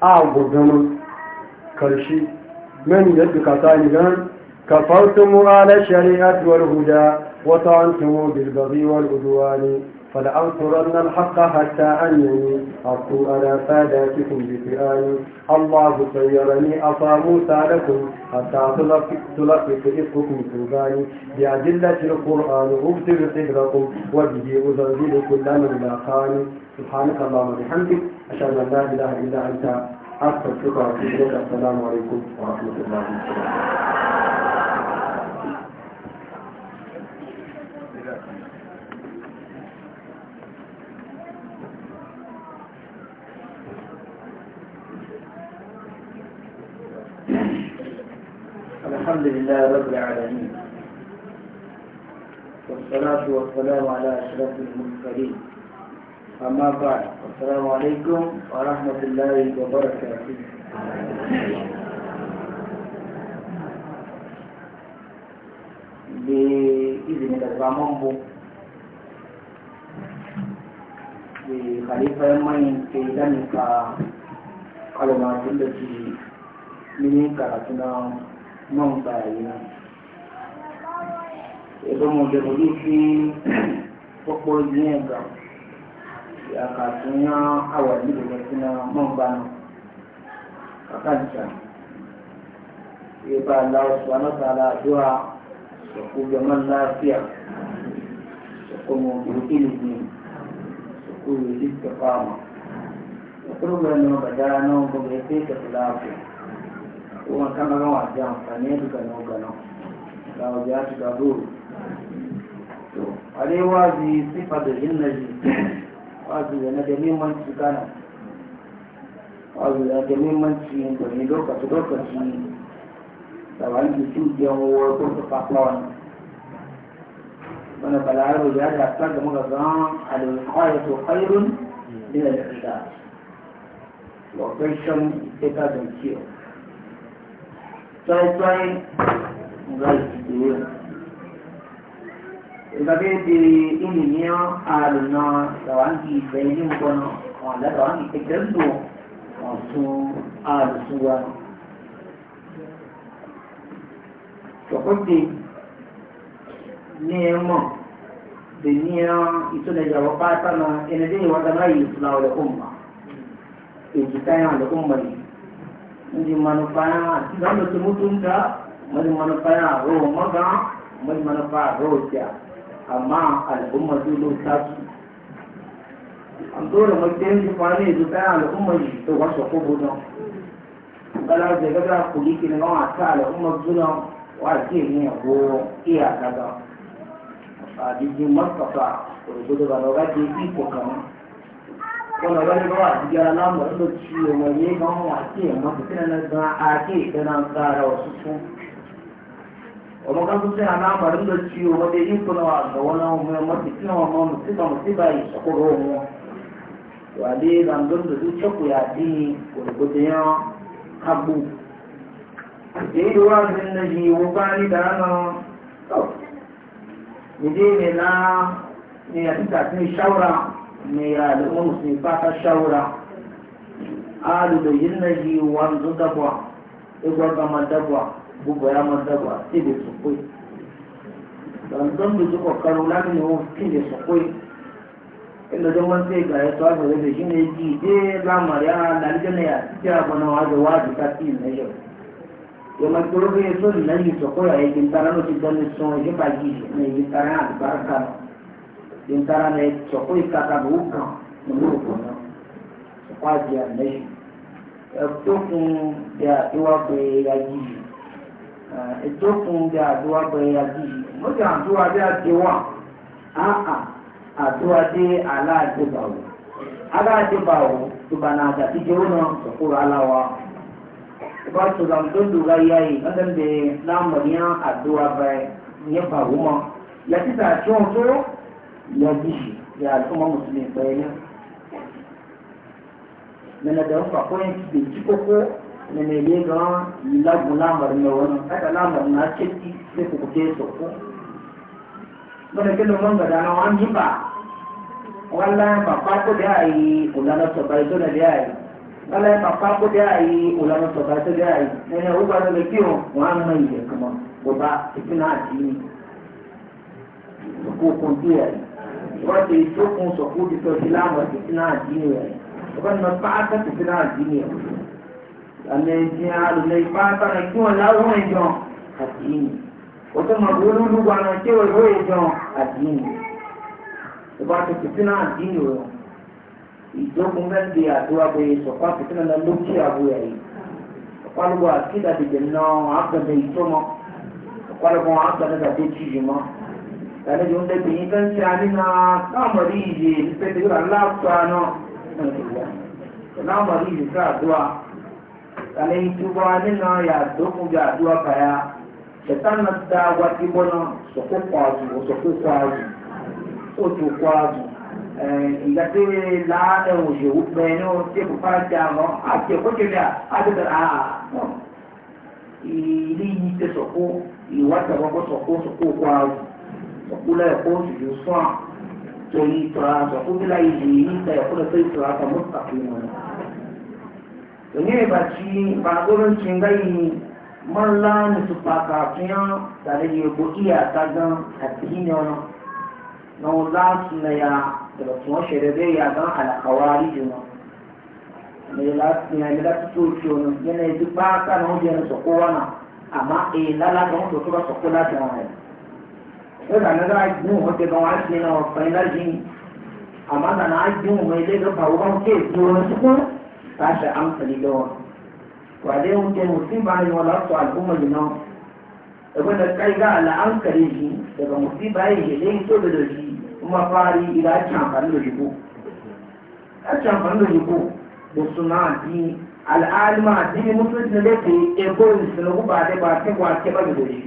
a gudunar karshe من يدكتان جان كفرتم على الشريعة والهدى وطعنتم بالبغي والعدوان فلأنصرن الحق حتى أني أرقوا على فاداتكم بفئان الله سيرني أطى موسى لكم حتى تلقف إفكم سوبان بأدلة القرآن أبدل صدركم وبه أزلزل كل من لاقاني سبحانك اللهم وبحمدك أشهد أن لا إله إلا أنت أستغفرك وأتوب إليك السلام عليكم ورحمة الله وبركاته
الحمد لله رب العالمين والصلاة والسلام على أشرف المرسلين أما بعد السلام عليكم ورحمة الله وبركاته بإذن الله بخليفة من في ذنك على ما في من كراتنا non sbaglio. E come devo dire, poco di niente, la casina, a guardare la casina, non vanno. La cancia. E per la sua nota la sua, se cui non la sia, se come utilizzi, se cui esiste fama. Il problema è che non potete fare o o o o o o o é é é é do canal canal de ali se faz o kama wajamu kanienduka nyeuka nao o wajaatuka dhuru aliye wazi sifa zilinnaji wazi zanajamimanci kana wazi zanajamimanci ne lokaci lokaci da wani cikin wawar ko su fafawan wani balarabu ya da ta da muka zan alƙayatu khairun é al-ihdas wa gashan ita da kiyo tọ́ẹ̀tọ́ẹ̀ nǹkan ìdílé ìgbàgbé di ìnìyàn àlùnà tàwáǹkì ìgbẹ̀yìn ní nǹkan wọn àdá tàwáǹkì kékeré ń dùn wọn tún àlùsùn wa. Sọ̀kọ́tì ní ẹ̀mọ́ da niyan ito da jawa fata na inadin wata rayu na al'umma in ji kayan al'umma ఇది మన పైన దాన్ని చెబుతుంటా మరి మన పైన రో మగ మరి మన పైన రోజ అమ్మా al'umma dole ta su an dole mutum su fane su ta al'umma ji to wasu kubu don gala da gada kuli ki na wa ta al'umma zuwa wa ke ne go iya daga a dijin maskafa ko da ga ga ke iko kamar wanda wani ba a jiya lamu da ɗin ciwo mai yi ga wani wake ma su tana na zan ake da na tsara wasu su wani kan su tana na marin da ciwo ma da yin kuna ga wani mai mafi tuna wa ma musiba musiba yi sakuro mu wale zandun da zuciya ku ya ji gurgudiyan kabu da yi duwa zin na ji wukari da hannun kawai. Mide ne na ne a tuka sun shawara ne ya al'ummu su fata shawara alu da yin na ji wanzu dabwa igwaga madabwa gugu ya madabwa sai da su kwai don don da su kokaru lamin yawon fin da su kwai inda don wani sai ga ya tsawa da shi ne ji dai eh, lamar ya na ya ci a wajen wajen ta na yau ya ga ya so na yi su kwai a don sun na yi dentara ne tsɔkuli kaka bo kan nínú ìgbọ̀nà tsɔkɔ adi anẹ́sù ẹ̀tọ́kùn bí àdúrà pé yagi yìí ẹ̀tọ́kùn bí àdúrà pé yagi yìí mọ́tò àdúrà bí àdéwà áhà àdúrà dé aláàdébàwò aláàdébàwò tó bá náà dàbí jẹ́ wọn náà tsɔkúrò aláwa ìbá tsɔkà tó dùgá yá yìí lọ́dọ̀ ń bẹ láàmú ní àdúrà bẹ́ẹ̀ ní bàwọ́ mọ́ yàtí tà tí tó. ya bi shi musulmi bayanin nana da wasu akwai da cikoko na ne ne ga lamar na wani lamar na cikki sai ku kuke mana man ga dana yi ba wallahi papa ko da ayi ulana to bai to da ayi wallahi papa ko da ayi ulana to bai to da ayi ne ne uba da kiyo wani mai ya kuma ko ba ko kun wanda ya cikin sako da sau filamar da suna addini ya wani mafata da suna addini ya sannan ya ce halu na ifata na kiwon lawon ya jan addini wata magwani lugwa na kewar ruwa ya jan addini ya ba ta fi suna addini ya ìjókòó mẹ́tì àdúrà bẹ́ẹ̀ sọ̀kọ́ àtìkínà náà ló kí àbúyà yìí ọ̀pọ̀lọpọ̀ àkídà dìde náà àgbẹ̀dẹ̀ ìtọ́mọ́ ọ̀pọ̀lọpọ̀ àgbẹ̀dẹ̀ àlejò ń dẹ́bi yín tó ń ṣe àdínà láàmọ̀rí ìyè ìpè tí wọ́n láàpá náà láàmọ̀rí ìyè sí àdúrà àlẹ́ ìtúbọ̀ àdínà yàtọ̀kùnjà àdúrà bàyà ṣẹ̀tàn náà dá wa ti bọ́nà sọ̀kó kwazù sọ̀kó kwazù oṣù kwazù ìgbà tí láàdẹ̀ òṣèlú bẹ́ẹ̀ ní o ṣe kò fara jà mọ́ àti ẹ̀kọ́ jẹ̀dá àti ẹ̀kọ́ àà ilé yìí ti sọ̀kó ìwádìí àwọn ọkọ̀ sọ̀kó sọ̀kó kwazù. وقولا يكون يسوع تولي تراث وقولا لا يجيك يقول في تراث مستقيم ونيه بچي باغورن چنگاي مرلا نسپا کافیاں تارے یہ بوئی آتا گا حتی نیونا نو لاس نیا دلتون شرده یادان على خواری جنا نیا لاس نیا ملت سوچونا یعنی دباکا نو جن سقوانا اما ایلالا نو دوتورا سقولا جانا ہے ẹ̀ka ní ọ̀dọ́ àìsí òun ti gan wá sí iná ọ̀pẹ́ lọ́jì àmọ́ nàná àìsí òun ilé ló fà wọ́n ké ètò orin sukún láṣẹ àǹfààní lọ́wọ́ wàdé oúnjẹ wò sí bá yọ lọ́sọ̀ àgbọ̀mọ̀ yìí náà ẹgbẹ́ ní káyíká àlà àǹkàrí yìí ẹ̀gbọ̀n wò sí báyìí eléyìí tó lòdò yìí wọ́n máa fárí ilé àti àǹfààní lòdìbò àti àǹfààní lòdìbò bó suná àti al'alima àti mímú tó ti lè pè é ẹgbẹ́ òṣèlú bàdé bàtẹ́kọ̀ àti ẹgbẹ́ lòdì yìí.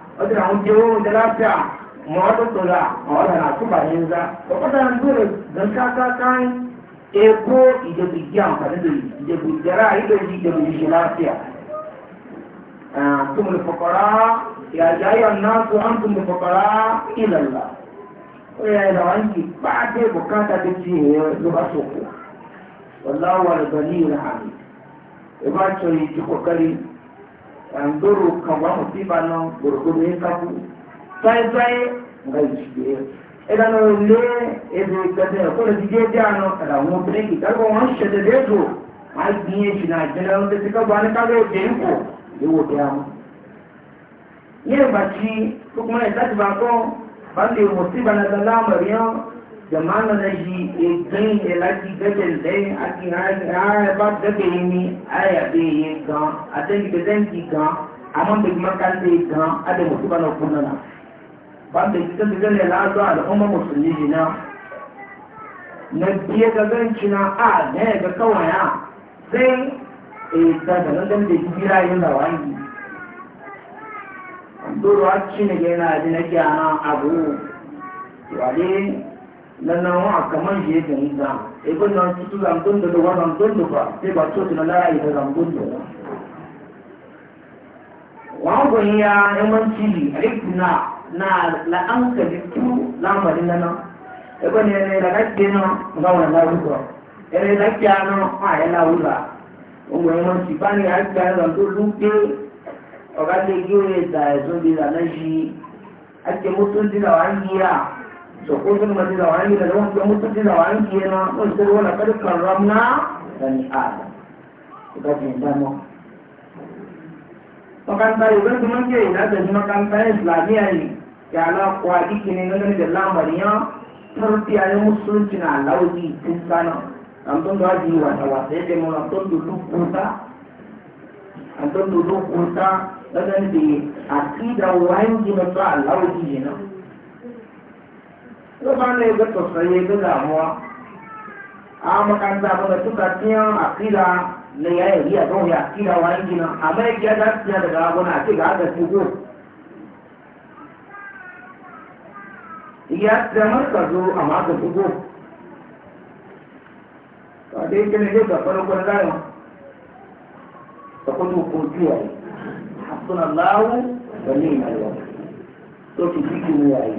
wajen an jiwo da lafiya mawata tsola a wajen a tuba yanzu ba kwata nan dole don kaka kayan eko ijebu ji amfani da ijebu jara ido ji ijebu ji lafiya tumul fakara ya jayyar nasu an tumul fakara ilallah ko ya yi da wanki ba ta bukata ta ce ya zuba soko wallahu wa da gani da hannu ya ba ce yi ji kokari ndoro kan wa musiba no gorogoro yin kafu tsaye tsaye ngai shige ida no le ebe gade ko le dige ja no kada mu bene ki karbo wan shede de to ai biye shi na jela on de tika bani ka go je ko ye wo de am ye ba ci ko kuma ida ba ko ba le musiba na da lamariyan zamana na ji egan elaki gẹ́gẹ́ lẹ́yìn àti ààrẹ bá gẹ́gẹ́ yìí ní àyàbẹ̀ yìí gan àtẹ́gbẹ̀dẹ́ǹkì gan amọ́gbẹ̀gbẹ̀mọ́kàndé gan adẹ́mọ̀túbà náà kún náà bá bẹ̀rẹ̀ tó ti gẹ́lẹ̀ láàdọ́ àlọ́mọ́ mùsùlùmí yìí náà na biye gẹ́gẹ́ ń kina a gẹ́gẹ́ ga kawai e a sai ẹ̀ẹ́dà gẹ́gẹ́ da ti gira yin da wani doro a cikin gẹ́gẹ́ na abu wale lannan wa kaman je da ni da e ko nan tutu zam don da wa zam don da te ba to tun la ai da zam don da wa ko ya e man ci rikna na la an ka ditu la ma din nan e ko ne ne la ka ke no ga wa la ru ko e ne la kya a e la ru la o mo e man ci ba ni ka zam don lu ke o ga o e da e zo la na ji ake mutun di la wa ngira سقوط المدينة وعين للوقت يموت المدينة وعين كينا قلت له لقد كرمنا بني آدم kita cinta mo. Makanta yugan tuman ke ina da jima kanta islami ayi ya la kwadi kini ngana ni dalla mariya tarti ayi musulunci na lauji tinsana anton da ji wa ta wasa yake mo anton du du kuta anton du du kuta da ni di akida wani jima ta di ne na ló bá ní ẹgbẹ́ tọ̀sán yẹ ẹgbẹ́ dààmúwa àwọn makanta abọ́dọ̀ tó ka tiẹ́ àkíra lẹ́yà ẹ̀rí àdóhùn yà àkíra wa ń jìnnà àmọ́ ẹ̀jẹ̀ ẹ̀dá tiẹ́ dàgbà abọ́ náà àti gàá gàtú wò. ìyá tiẹ́ mọ́tò tó àmọ́ àgàtú wò. pàdé kíni ilé ìgbàfọ́ ló gbọ́dọ̀ láyọ̀ ọkọ̀ tó kọ ojú ẹ̀ àtúnà láwù pẹ̀lú ìmọ̀ tó fi dídì wọ àyè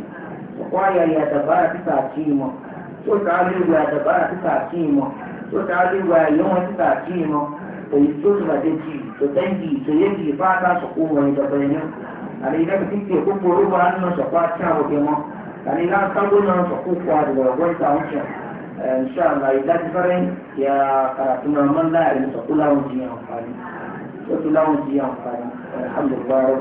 kwaya ya dabara ta saci mo so ta lu ya dabara ta saci mo so ta lu ya yawa ta saci mo to yi so ta da ji to dangi to yanki ba ta su ko wani da bayanin ani da ka tike ko boro ba an so kwa ta ko ke mo ani na ka go na so ko kwa da wai ta wuce eh, insha Allah ya karatu na man da ya so kula wuce ya amfani so alhamdulillah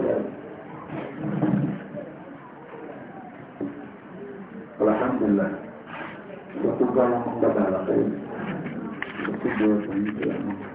Alhamdulillah. Waktu
kalau membaca lagi, waktu dua tahun tidak